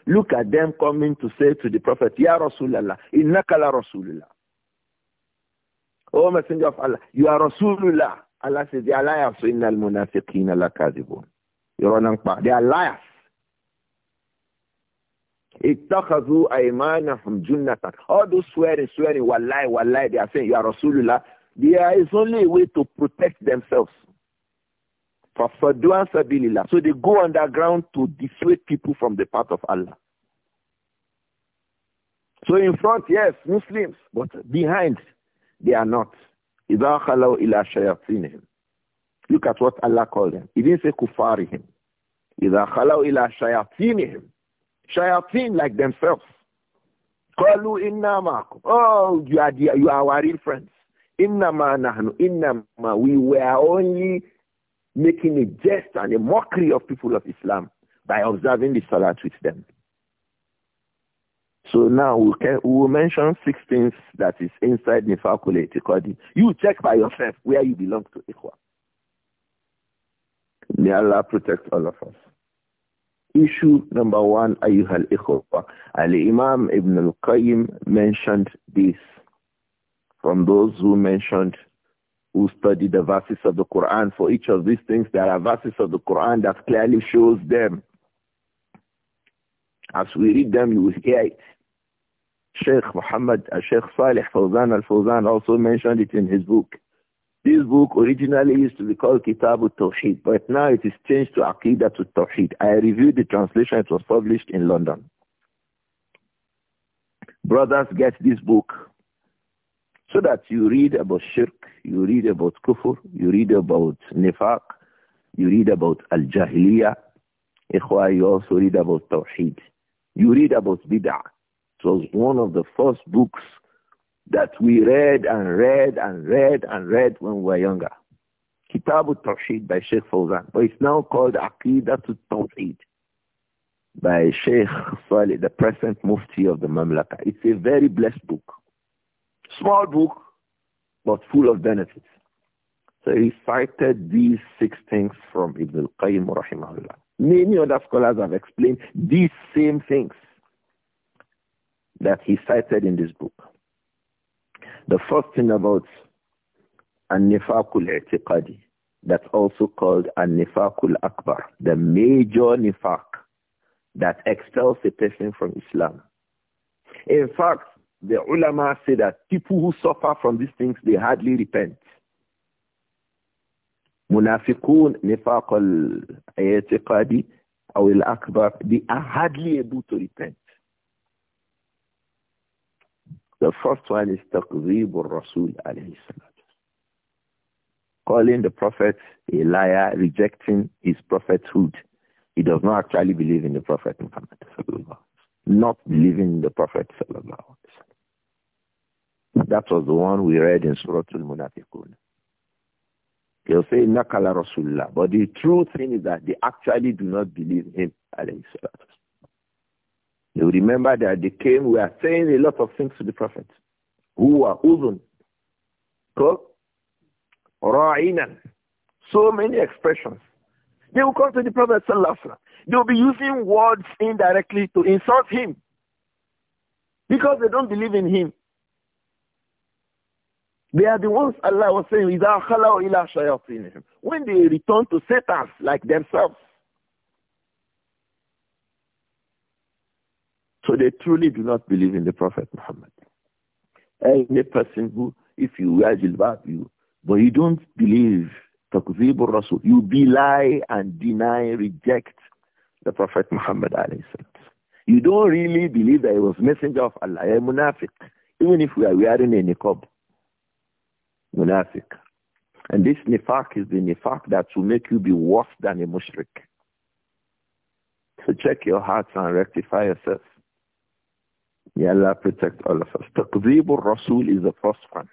S1: Look at them coming to say to the Prophet, Ya Rasulallah, innaka la Rasulullah. O Messenger of Allah, you are Rasulullah. Allah says, they are liars. So innal munafiqeen the kazibun They are liars. Ittakhadhu aymanahum junnatan. All those swearing, swearing, wallahi, wallahi, they are saying, you are Rasulullah. There is only a way to protect themselves. faduan sabilillah. So they go underground to dissuade people from the path of Allah. So in front, yes, Muslims, but behind, they are not. إِذَا خَلَوْا إِلَى شَيَاطِينِهِمْ Look at what Allah called them. He didn't say kufarihim. إِذَا خَلَوْا إِلَى شَيَاطِينِهِمْ Shayateen like themselves. قَالُوا إِنَّا مَعَكُمْ Oh, you are, the, you are our real friends. إِنَّمَا نَحْنُ إِنَّمَا We were only making a jest and a mockery of people of Islam by observing the salat with them. So now we can, we will mention six things that is inside Nifakul Etikodi. You check by yourself where you belong to Ikhwa. May Allah protect all of us. Issue number one, Ayuhal Ikhwa. Ali imam Ibn al-Qayyim mentioned this from those who mentioned who study the verses of the Quran. For each of these things, there are verses of the Quran that clearly shows them. As we read them, you will hear Sheikh Muhammad, uh, Sheikh Salih Fawzan al-Fawzan also mentioned it in his book. This book originally used to be called Kitab al-Tawheed, but now it is changed to Aqidah al-Tawheed. I reviewed the translation. It was published in London. Brothers, get this book so that you read about shirk, you read about kufr, you read about nifaq, you read about al-jahiliyyah. Ikhwa, you also read about tawheed. You read about bid'ah. It was one of the first books that we read and read and read and read when we were younger. Kitab al-Tawheed by Sheikh Fawzan, but it's now called Aqidat al-Tawheed by Sheikh Saleh, the present Mufti of the Mamlaka. It's a very blessed book. Small book, but full of benefits. So he cited these six things from Ibn al-Qayyim rahimahullah. Many other scholars have explained these same things that he cited in this book. The first thing about An-Nifakul I'tiqadi, that's also called An-Nifakul Akbar, the major nifaq that expels a person from Islam. In fact, the ulama say that people who suffer from these things, they hardly repent. Munafiqun nifaq al-i'tiqadi or al-akbar, they are hardly able to repent. The first one is Taqweebul Rasul alayhi Calling the Prophet a liar, rejecting his prophethood. He does not actually believe in the Prophet Muhammad Not believing in the Prophet That was the one we read in Surah Al-Munafiqun. They'll say, Nakala Rasulullah. But the true thing is that they actually do not believe him alayhi salatu you remember that they came, we are saying a lot of things to the Prophet. Who are uzun, ra'inan, so many expressions. They will come to the Prophet Sallallahu They will be using words indirectly to insult him because they don't believe in him. They are the ones Allah was saying, إِذَا خَلَوْا إِلَىٰ شَيَاطِينِهِمْ When they return to Satan like themselves, So they truly do not believe in the Prophet Muhammad. Any person who, if you wear jilbab, you, but you don't believe takzibur rasul, you belie and deny, reject the Prophet Muhammad You don't really believe that he was messenger of Allah, you're munafiq, even if we are wearing a niqab, munafiq. And this nifaq is the nifaq that will make you be worse than a mushrik. So check your hearts and rectify yourself. Allah protect all of us. Taqzeebul Rasul is the first one.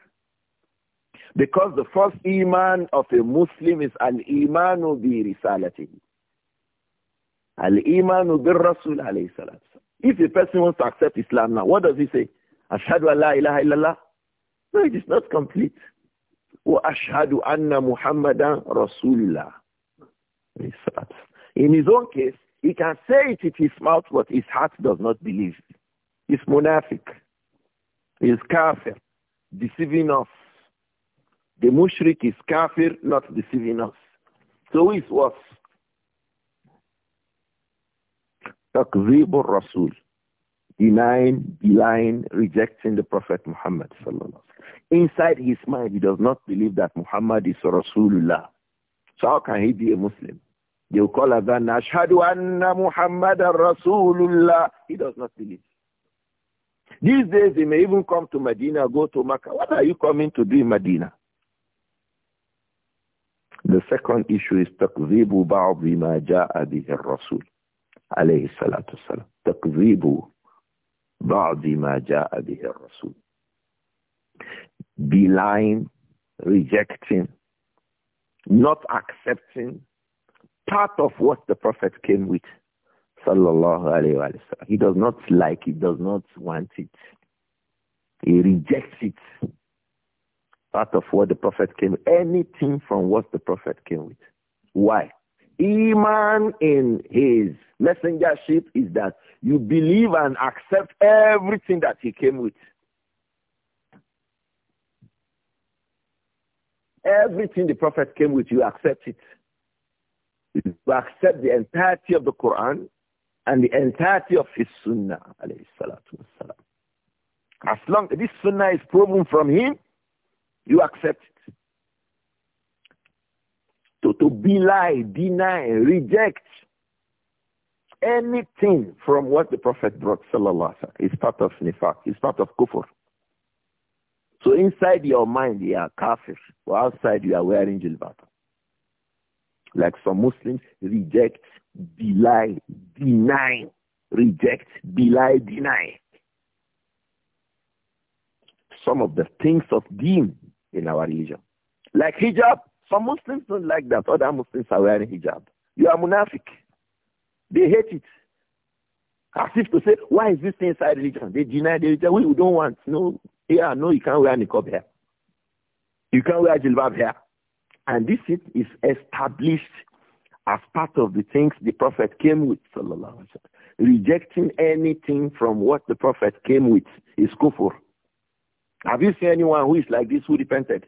S1: Because the first iman of a Muslim is al-imanu bi risalatihi. Al-imanu bi Rasul alayhi If a person wants to accept Islam now, what does he say? Ashhadu an la ilaha illallah. No, it is not complete. Wa ashhadu anna Muhammadan Rasulullah. In his own case, he can say it with his mouth, but his heart does not believe it is munafiq, is kafir, deceiving us. The mushrik is kafir, not deceiving us. So was what? or Rasul. Denying, belying, rejecting the Prophet Muhammad sallallahu Inside his mind, he does not believe that Muhammad is Rasulullah. So how can he be a Muslim? They will call Adhan, Ashhadu anna Muhammad Rasulullah. He does not believe. These days, they may even come to Medina, go to Mecca. What are you coming to do in Medina? The second issue is تَقْذِيبُ بَعْضِ مَا جَاءَ بِهِ الرَّسُولُ عليه الصلاة والسلام تَقْذِيبُ بَعْضِ مَا جَاءَ بِهِ الرَّسُولُ Belying, rejecting, not accepting part of what the Prophet came with Sallallahu alayhi wa sallam. He does not like it, does not want it. He rejects it. Part of what the Prophet came, anything from what the Prophet came with. Why? Iman in his messengership is that you believe and accept everything that he came with. Everything the Prophet came with, you accept it. You accept the entirety of the Quran, and the entirety of his sunnah, As long as this sunnah is proven from him, you accept it. To, to belie, deny, reject anything from what the Prophet brought, sallallahu is part of nifaq, is part of kufr. So inside your mind you are kafir, or outside you are wearing jilbab. Like some Muslims reject belie, deny, reject, belie, deny. Some of the things of deen in our religion. Like hijab, some Muslims don't like that. Other Muslims are wearing hijab. You are munafiq. They hate it. As if to say, why is this inside religion? They deny the religion. We don't want. No, yeah, no, you can't wear niqab here. You can't wear jilbab here. And this is established as part of the things the Prophet came with, Rejecting anything from what the Prophet came with is kufr. Have you seen anyone who is like this who repented?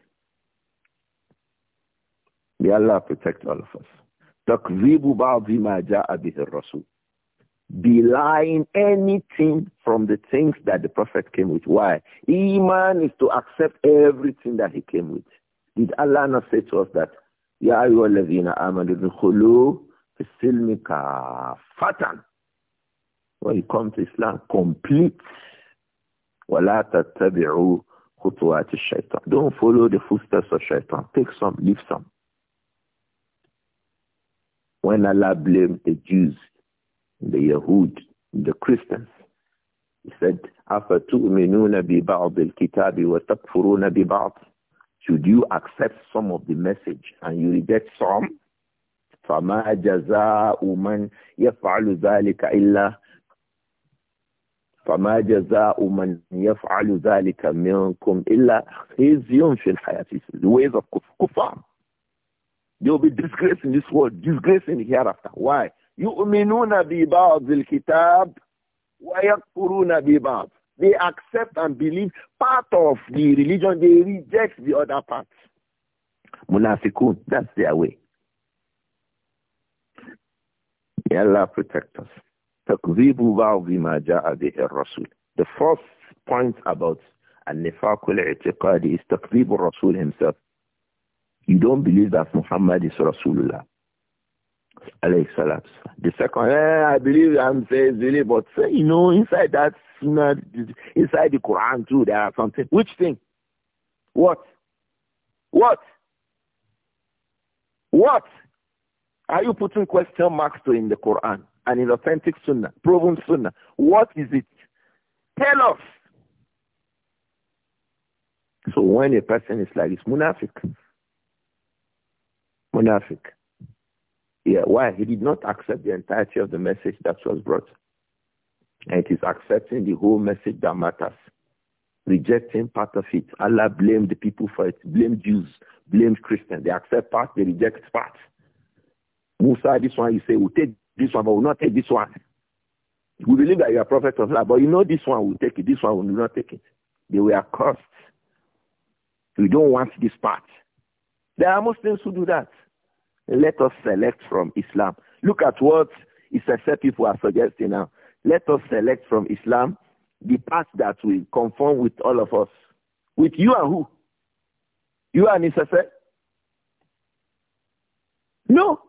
S1: May Allah protect all of us. تَكْذِبُ بَعْضِ مَا جَاءَ بِهِ الرَّسُولُ Belying anything from the things that the Prophet came with. Why? Iman is to accept everything that he came with. Did Allah not say to us that يا أيها الذين آمنوا ادخلوا في السلم كافة when you come to Islam complete ولا تتبعوا خطوات الشيطان don't follow the footsteps of الشيطان take some leave some when Allah blamed the Jews the Yahud the Christians he said أفتؤمنون ببعض الكتاب وتكفرون ببعض Should you accept some of the message and you reject some? فما جزاء من يفعل ذلك إلا فما جزاء من يفعل ذلك منكم إلا خزي في الحياة the ways of kufar will be disgraced in this world disgraced in hereafter why يؤمنون ببعض الكتاب ويكفرون ببعض they accept and believe part of the religion. They reject the other part. Munafikun, that's their way. May Allah protect us. The first point about النفاق الاعتقادي is تكذيب Rasul himself. You don't believe that Muhammad is Rasulullah. Alayhi salatu. The second, eh, I believe I'm saying believe, but say, you know, inside that not inside the Quran too, there are something. Which thing? What? What? What are you putting question marks to in the Quran and in authentic Sunnah, proven Sunnah? What is it? Tell us. So when a person is like this, munafik, munafik. Yeah, why? He did not accept the entirety of the message that was brought. And it is accepting the whole message that matters. Rejecting part of it. Allah blamed the people for it. Blamed Jews. Blamed Christians. They accept part, they reject part. Musa, this one, you say, we'll take this one, but we'll not take this one. We believe that you are prophet of Allah, but you know this one will take it, this one will not take it. They were cursed. We don't want this part. There are Muslims who do that. Let us select from Islam. Look at what Islam people are suggesting now. Let us select from Islam the path that will conform with all of us. With you and who? You and Isafe? No.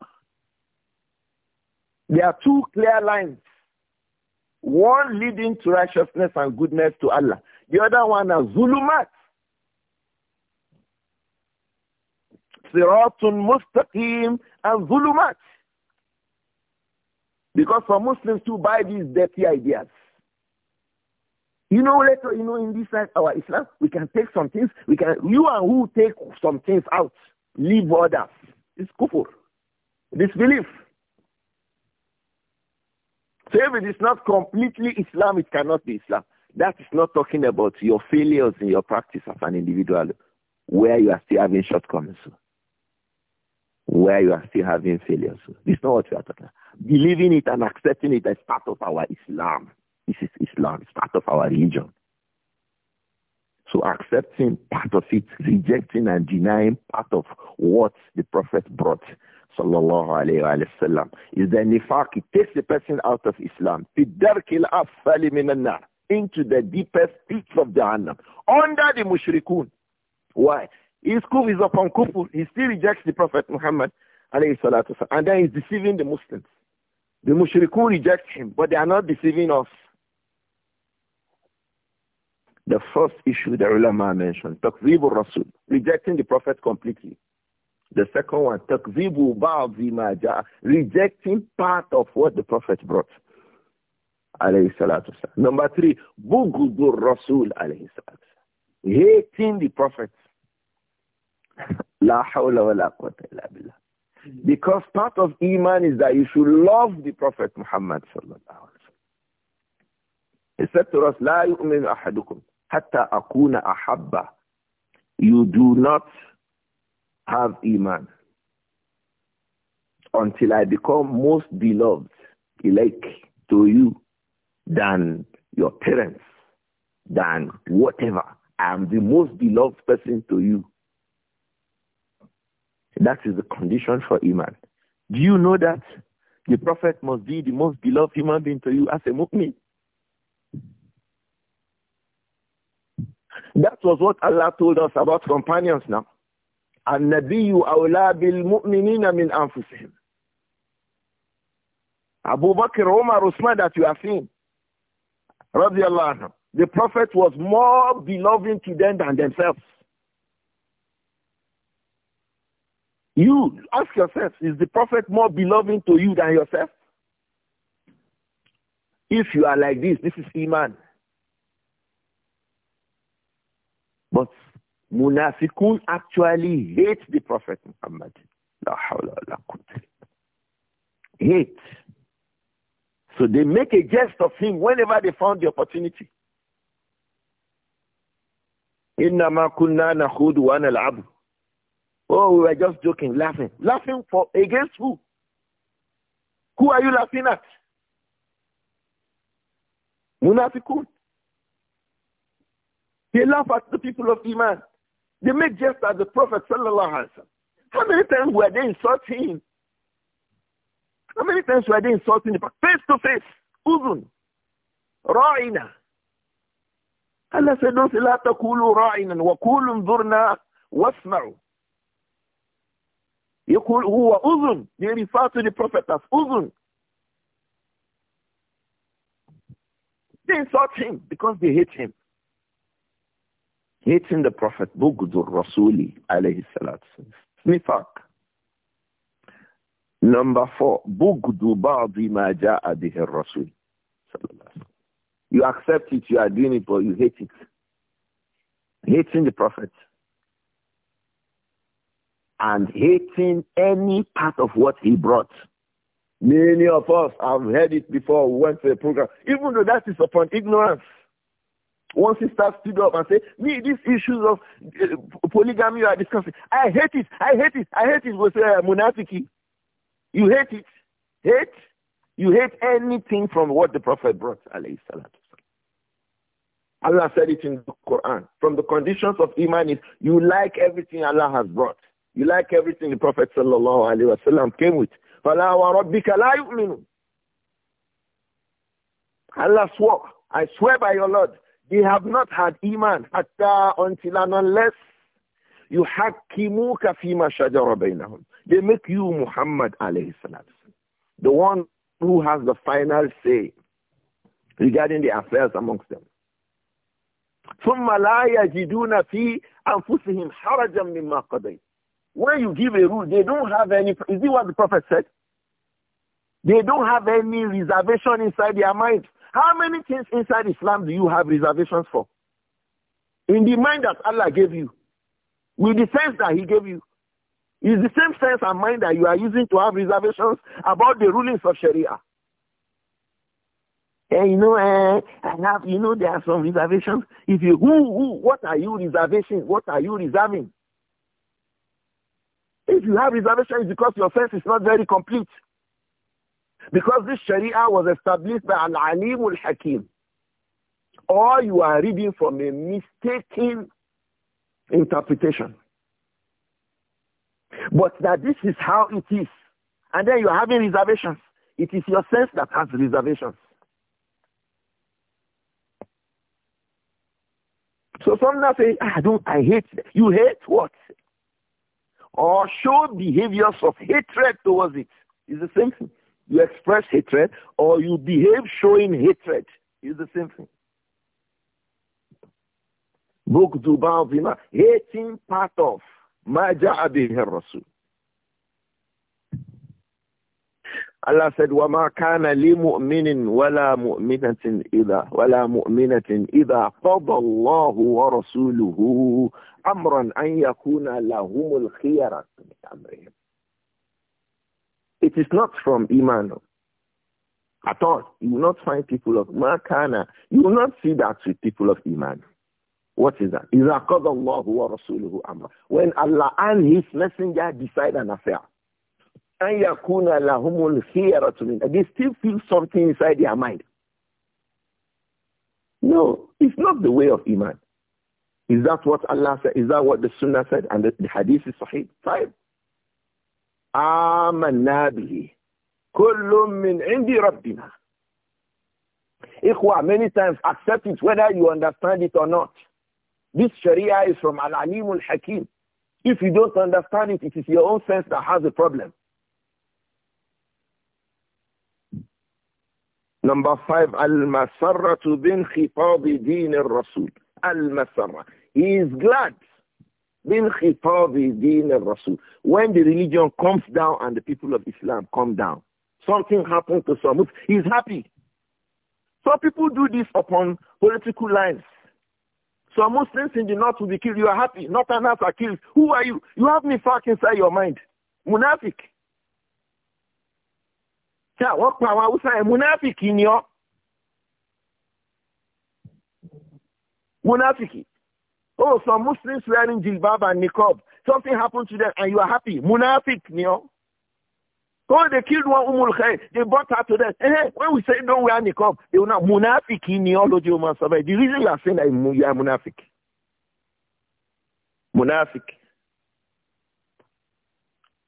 S1: There are two clear lines. One leading to righteousness and goodness to Allah. The other one is Zulumat. Siratun Mustaqim and Zulumat. Because for Muslims to buy these dirty ideas. You know, later, you know, in this side, our Islam, we can take some things. We can, you and who take some things out, leave others. It's kufur, disbelief. So if it is not completely Islam, it cannot be Islam. That is not talking about your failures in your practice as an individual, where you are still having shortcomings. where you are still having failures. This is not what we are talking about. Believing it and accepting it as part of our Islam. This is Islam. It's part of our religion. So accepting part of it, rejecting and denying part of what the Prophet brought, sallallahu alayhi wa, sallam, is the nifaq. It takes the person out of Islam. Into the deepest pits of Jahannam. Under the mushrikun. Why? His kufr is upon kufr. He still rejects the Prophet Muhammad and then he's deceiving the Muslims. The Mushriku reject him, but they are not deceiving us. The first issue the ulama mentioned, takzibu rasul, rejecting the prophet completely. The second one, takzibu ba'dhi rejecting part of what the prophet brought. Number three, bugudur rasul Hating the prophet La hawla wa la quwwata illa billah. Because part of Iman is that you should love the Prophet Muhammad sallallahu alaihi wasallam. He said to us, La yu'minu ahadukum hatta akuna ahabba. You do not have Iman until I become most beloved, like to you, than your parents, than whatever. I am the most beloved person to you that is the condition for Iman. Do you know that the Prophet must be the most beloved human being to you as a mu'min? That was what Allah told us about companions now. awla bil بالمؤمنين من أنفسهم. Abu Bakr, Umar, Usman that you have seen. Radiallahu anhu. The Prophet was more beloved to them than themselves. You ask yourself, is the prophet more beloved to you than yourself? If you are like this, this is Iman. But munafikun actually hate the Prophet Muhammad. La hawla la Hate. So they make a jest of him whenever they found the opportunity. إنما كنا نخوض ونلعب Oh, we were just joking, laughing. Laughing for against who? Who are you laughing at? Munafikun. They laugh at the people of Iman. They make jest at the Prophet sallallahu alaihi wasallam. How many times were they insulting him? How many times were they insulting him? Face to face. Uzun. Ra'ina. Allah said, don't say, لا تقولوا رَاعِنًا وَقُولُوا انظُرْنَا وَاسْمَعُوا يقول هو أذن they refer to the prophet as أذن they insult him because they hate him hating the prophet بغض Rasuli alayhi salatu والسلام Number four, بُغْدُ Badi مَا جَاءَ Rasuli. You accept it, you are doing it, but you hate it. Hating the Prophet and hating any part of what he brought. Many of us have heard it before we went to a program, even though that is upon ignorance. Once he starts stood up and say, me, these issues of uh, polygamy you are discussing, I hate it, I hate it, I hate it, we say, uh, monarchy. You hate it. Hate? You hate anything from what the Prophet brought, alayhi salatu. Allah said it in the Quran. From the conditions of Iman is you like everything Allah has brought. You like everything the Prophet sallallahu alaihi wasallam came with. فَلَا وَرَبِّكَ لَا يُؤْمِنُونَ Allah swore, I swear by your Lord, they have not had iman hatta until and unless you hakimuka fima shajara bainahum. They make you Muhammad alayhi salatu the one who has the final say regarding the affairs amongst them. ثم لا يجدون في أنفسهم حرجا مما قضيت When you give a rule, they don't have any, is it what the prophet said? They don't have any reservation inside their mind. How many things inside Islam do you have reservations for? In the mind that Allah gave you, with the sense that he gave you, is the same sense and mind that you are using to have reservations about the rulings of Sharia. And eh, you know, uh, eh, and have, you know, there are some reservations. If you, who, who, what are you reservation? What are you reserving? If you have reservation, it's because your sense is not very complete. Because this Sharia was established by Al-Alim al-Hakim. Or you are reading from a mistaken interpretation. But that this is how it is. And then you are having reservations. It is your sense that has reservations. So some now say, I ah, don't, I hate, you hate what? or show behaviors of hatred towards it. It's the same thing. You express hatred or you behave showing hatred. It's the same thing. Book Dubavina, hating part of Maja Abihir Rasul. Allah said, وَمَا كَانَ لِمُؤْمِنٍ وَلَا مُؤْمِنَةٍ إِذَا وَلَا مُؤْمِنَةٍ إِذَا قَضَى اللَّهُ وَرَسُولُهُ أَمْرًا أَنْ يَكُونَ لَهُمُ الْخِيَرَةُ مِنْ amrihim." It is not from Iman at all. You will not find people of Makana. You will not see that with people of Iman. What is that? إِذَا قَضَى of وَرَسُولُهُ amran. When Allah and His Messenger decide an affair an They still feel something inside their mind. No, it's not the way of iman. Is that what Allah said? Is that what the Sunnah said? And the, the Hadith is Sahih. Fine. آمنا به كل من Ikhwa, many times accept it whether you understand it or not. This Sharia is from Al-Alim al-Hakim. If you don't understand it, it is your own sense that has a problem. Number five, Al-Masarra to bin khitabi din al-Rasul. Al-Masarra. He is glad. Bin khitabi din al-Rasul. When the religion comes down and the people of Islam come down, something happens to some. He's happy. Some people do this upon political lines. Some Muslims in the north will be killed. You are happy. enough are killed. Who are you? You have me fucked inside your mind. Munafik. tí àwọn pa àwọn haúsá ẹ̀ múnáfìkì ni ọ́ múnáfìkì oh some muslims wearing jilbab and niqab something happened to them and you are happy múnáfìk ni ọ́ oh they killed one umul khair they brought her to them eh, eh, when we say don't wear niqab they will not múnáfìkì ni ọ́ lójú ọmọ the reason you are saying that you are múnáfìkì múnáfìkì.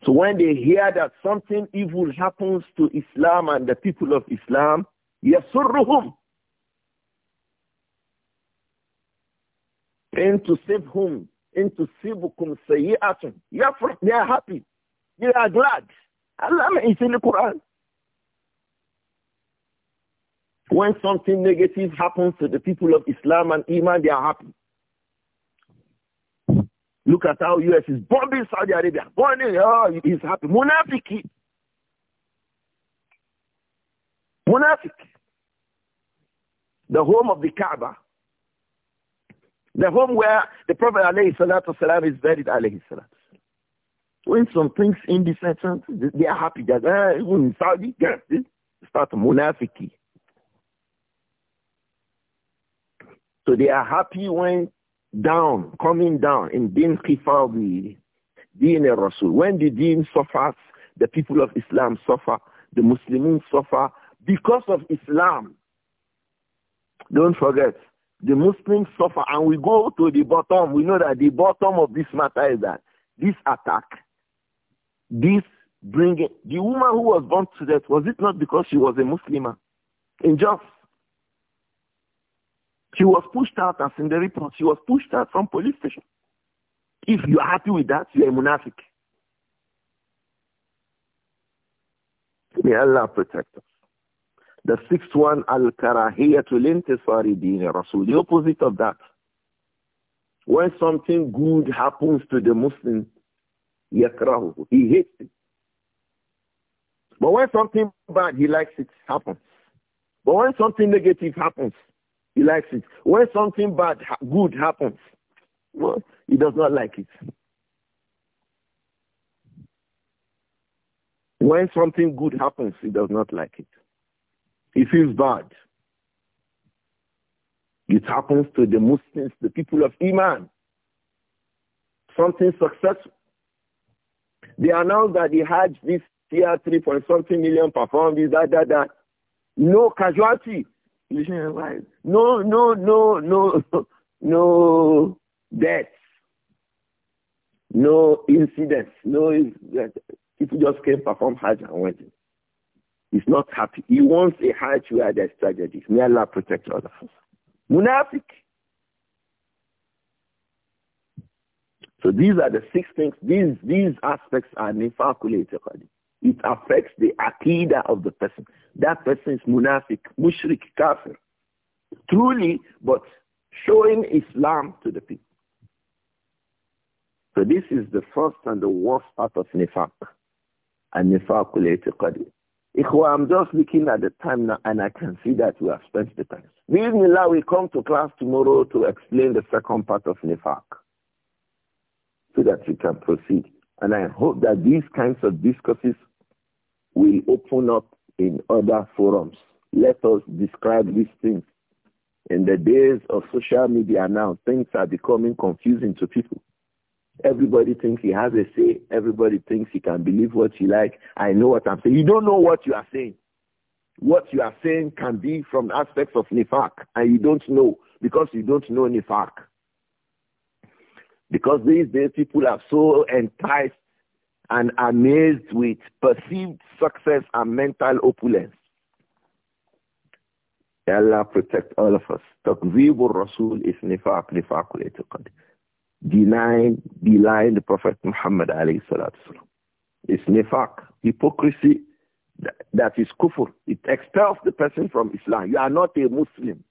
S1: So when they hear that something evil happens to Islam and the people of Islam, yasurruhum. And to save whom? Into sibukum Say They are happy. They are glad. Allah is in the Quran. When something negative happens to the people of Islam and Iman, they are happy. Look at how U.S. is bombing Saudi Arabia. Bombing, oh, he's happy. Munafiki. Munafiki, The home of the Kaaba. The home where the Prophet alayhi salatu salam is buried alayhi salatu When some things in indecent, they are happy that uh, eh, even in Saudi, yes, start munafiki. So they are happy when down, coming down in Din Qifabi, Din al-Rasul. When the Din suffers, the people of Islam suffer, the Muslims suffer because of Islam. Don't forget, the Muslims suffer and we go to the bottom. We know that the bottom of this matter is that this attack, this bringing, the woman who was born to death, was it not because she was a Muslimah? In she was pushed out, as in the report, she was pushed out from police station. If you are happy with that, you are a monastic. May Allah protect us. The sixth one, al-karahiyatul intisari deen rasul, the opposite of that. When something good happens to the Muslim, he hates it. But when something bad, he likes it, happens. But when something negative happens, he likes it. When something bad, good happens, well, he does not like it. When something good happens, he does not like it. He feels bad. It happens to the Muslims, the people of Iman. Something successful. They announced that the Hajj this year, 3 point something million performed, that, that, that. No casualty. You No, no, no, no, no deaths, no incidents, no People just came perform Hajj and went. He's not happy. He wants a Hajj where there's tragedies. May Allah protect all of us. Munafiq. So these are the six things. These these aspects are nifakul itiqadi. It affects the aqidah of the person. That person is munafiq, mushrik, kafir. Truly, but showing Islam to the people. So this is the first and the worst part of nifaq. And nifaq al-i'tiqadi. Ikhwa, I'm just looking at the time now and I can see that we have spent the time. Bismillah, we come to class tomorrow to explain the second part of nifaq so that we can proceed. And I hope that these kinds of discourses will open up in other forums. Let us describe these things. In the days of social media now, things are becoming confusing to people. Everybody thinks he has a say. Everybody thinks he can believe what he like. I know what I'm saying. You don't know what you are saying. What you are saying can be from aspects of Nifak, and you don't know because you don't know Nifak. Because these days people are so enticed and amazed with perceived success and mental opulence. Allah protect all of us. Takzibur Rasul is nifaq nifaqul itiqad. Denying, denying the Prophet Muhammad alayhi salatu salam. It's nifaq, hypocrisy that, that is kufr. It expels the person from Islam. You are not a Muslim.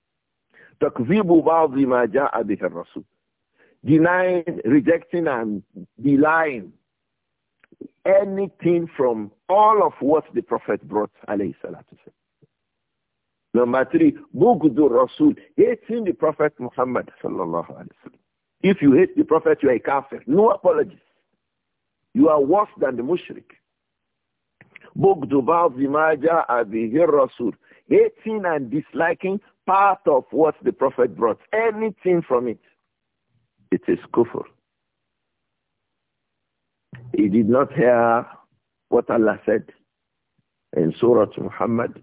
S1: Takzibu ba'dhi ma ja'a bihi Rasul. Denying, rejecting and denying anything from all of what the Prophet brought, alayhi salatu Number three, Bugdu Rasul, hating the Prophet Muhammad, sallallahu alayhi If you hate the Prophet, you are a kafir. No apologies. You are worse than the mushrik. Bugdu Ba'zimaja Abihir Rasul, hating and disliking part of what the Prophet brought, anything from it. It is kufr. He did not hear what Allah said in Surah Muhammad.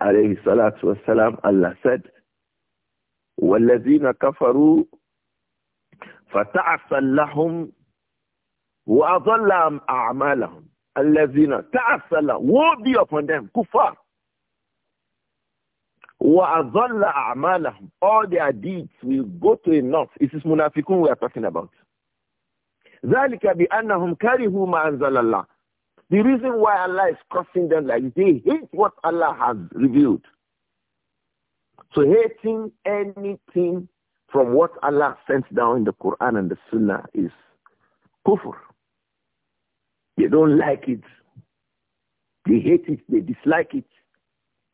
S1: Alayhi salatu wasalam, Allah said, وَالَّذِينَ كَفَرُوا فَتَعْسًا لَهُمْ وَأَضَلَّ أَعْمَالَهُمْ الَّذِينَ تَعْسًا لَهُمْ Woe be upon them, kuffar. وَأَضَلَّ أَعْمَالَهُمْ All their deeds will go to a naught. It is munafiqun we are talking about. ذَلِكَ بِأَنَّهُمْ كَرِهُوا مَا أَنزَلَ اللَّهُ The reason why Allah is cursing them like they hate what Allah has revealed. So hating anything from what Allah sends down in the Quran and the Sunnah is kufr. They don't like it. They hate it. They dislike it.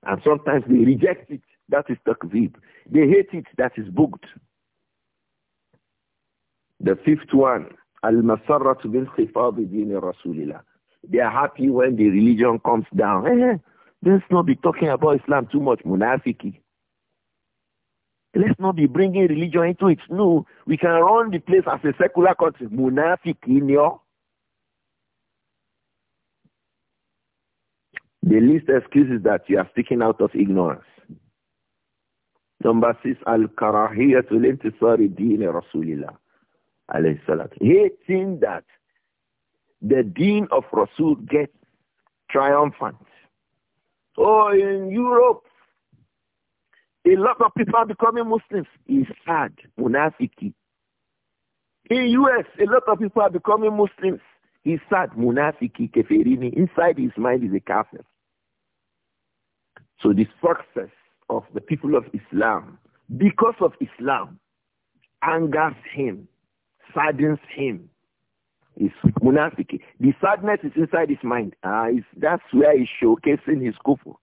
S1: And sometimes they reject it. That is takzib. They hate it. That is booked. The fifth one. Al-Masarra to bin Khifadi Rasulillah. They are happy when the religion comes down. Eh, let's not be talking about Islam too much, munafiki. Let's not be bringing religion into it. No, we can run the place as a secular country. Munafiki, no. The least excuse is that you are speaking out of ignorance. Number six, al-karahiyatu lintisari the Rasulillah alayhi salat, hating that the deen of Rasul gets triumphant. Oh, in Europe, a lot of people are becoming Muslims. It's sad, munafiki. In US, a lot of people are becoming Muslims. He's sad, munafiki, keferini. Inside his mind is a kafir. So the success of the people of Islam, because of Islam, angers him saddens him. It's munafiki. The sadness is inside his mind. Uh, that's where he's showcasing his kufu.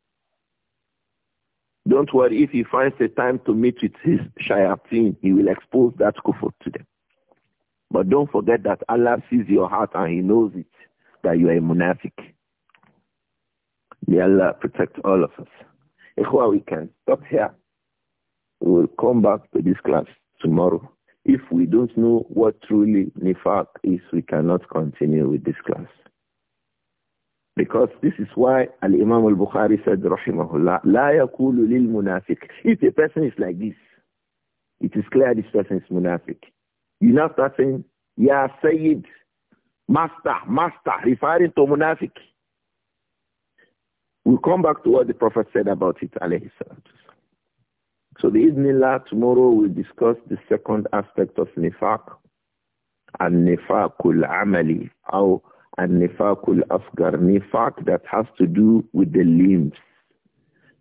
S1: Don't worry, if he finds a time to meet with his shayateen, he will expose that kufu to them. But don't forget that Allah sees your heart and he knows it, that you are a monastic. May Allah protect all of us. Ikhwa, we can stop here. We will come back to this class tomorrow. If we don't know what truly nifaq is, we cannot continue with this class. Because this is why Al-Imam al-Bukhari said, Rahimahullah, La yakulu lil If a person is like this, it is clear this person is munafiq. You now start saying, Ya Sayyid, Master, Master, referring to munafiq. We'll come back to what the Prophet said about it, alayhi salatu so the Iznillah tomorrow we'll discuss the second aspect of nifaq, and nifaqul amali, or and nifaqul asghar nifaq that has to do with the limbs.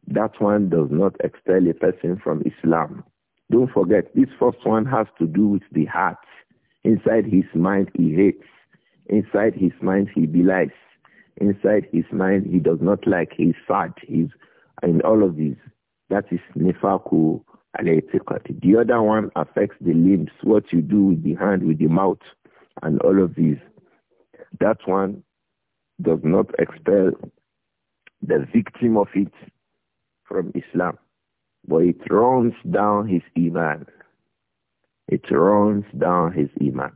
S1: That one does not expel a person from Islam. Don't forget, this first one has to do with the heart. Inside his mind, he hates. Inside his mind, he belies. Inside his mind, he does not like. He's sad. He's in all of these. That is nifaku al-i'tiqad. The other one affects the limbs, what you do with the hand, with the mouth, and all of these. That one does not expel the victim of it from Islam, but it runs down his iman. It runs down his iman.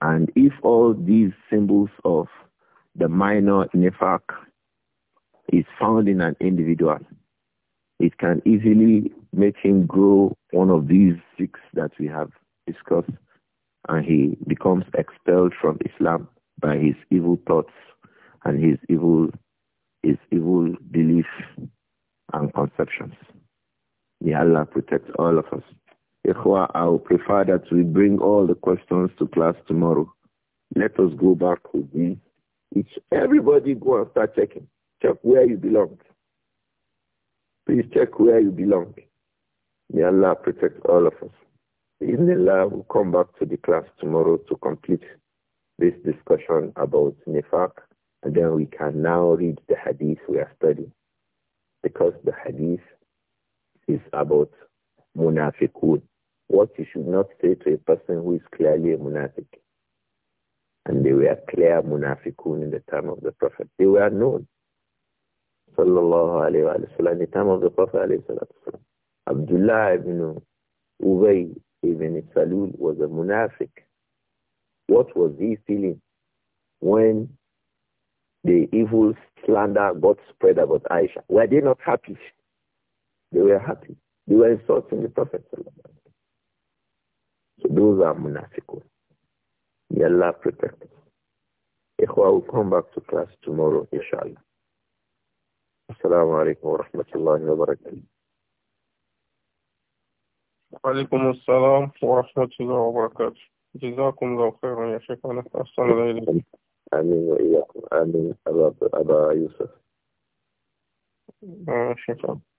S1: And if all these symbols of the minor nifak is found in an individual, it can easily make him grow one of these six that we have discussed and he becomes expelled from Islam by his evil thoughts and his evil his evil beliefs and conceptions. May Allah protect all of us. Ikhwa, I would prefer that we bring all the questions to class tomorrow. Let us go back with these. everybody go and start checking. Check where you belong. Please check where you belong. May Allah protect all of us. Bismillah, we'll come back to the class tomorrow to complete this discussion about nifaq, and then we can now read the hadith we are studying. Because the hadith is about munafiqun, what you should not say to a person who is clearly a munafiq. And they were clear munafiqun in the time of the Prophet. They were known sallallahu alayhi wa in the time of the Prophet Abdullah ibn Ubay ibn Salul was a munafiq. What was he feeling when the evil slander got spread about Aisha? Were they not happy? They were happy. They were insulting the Prophet. So those are munafiqun. May Allah protect us. Ikhwa will come back to class tomorrow, inshallah. السلام عليكم ورحمة الله وبركاته وعليكم السلام ورحمة الله وبركاته جزاكم الله خيرا يا شيخنا أحسن إليكم آمين وإياكم آمين أبا, أبا يوسف آه شكرا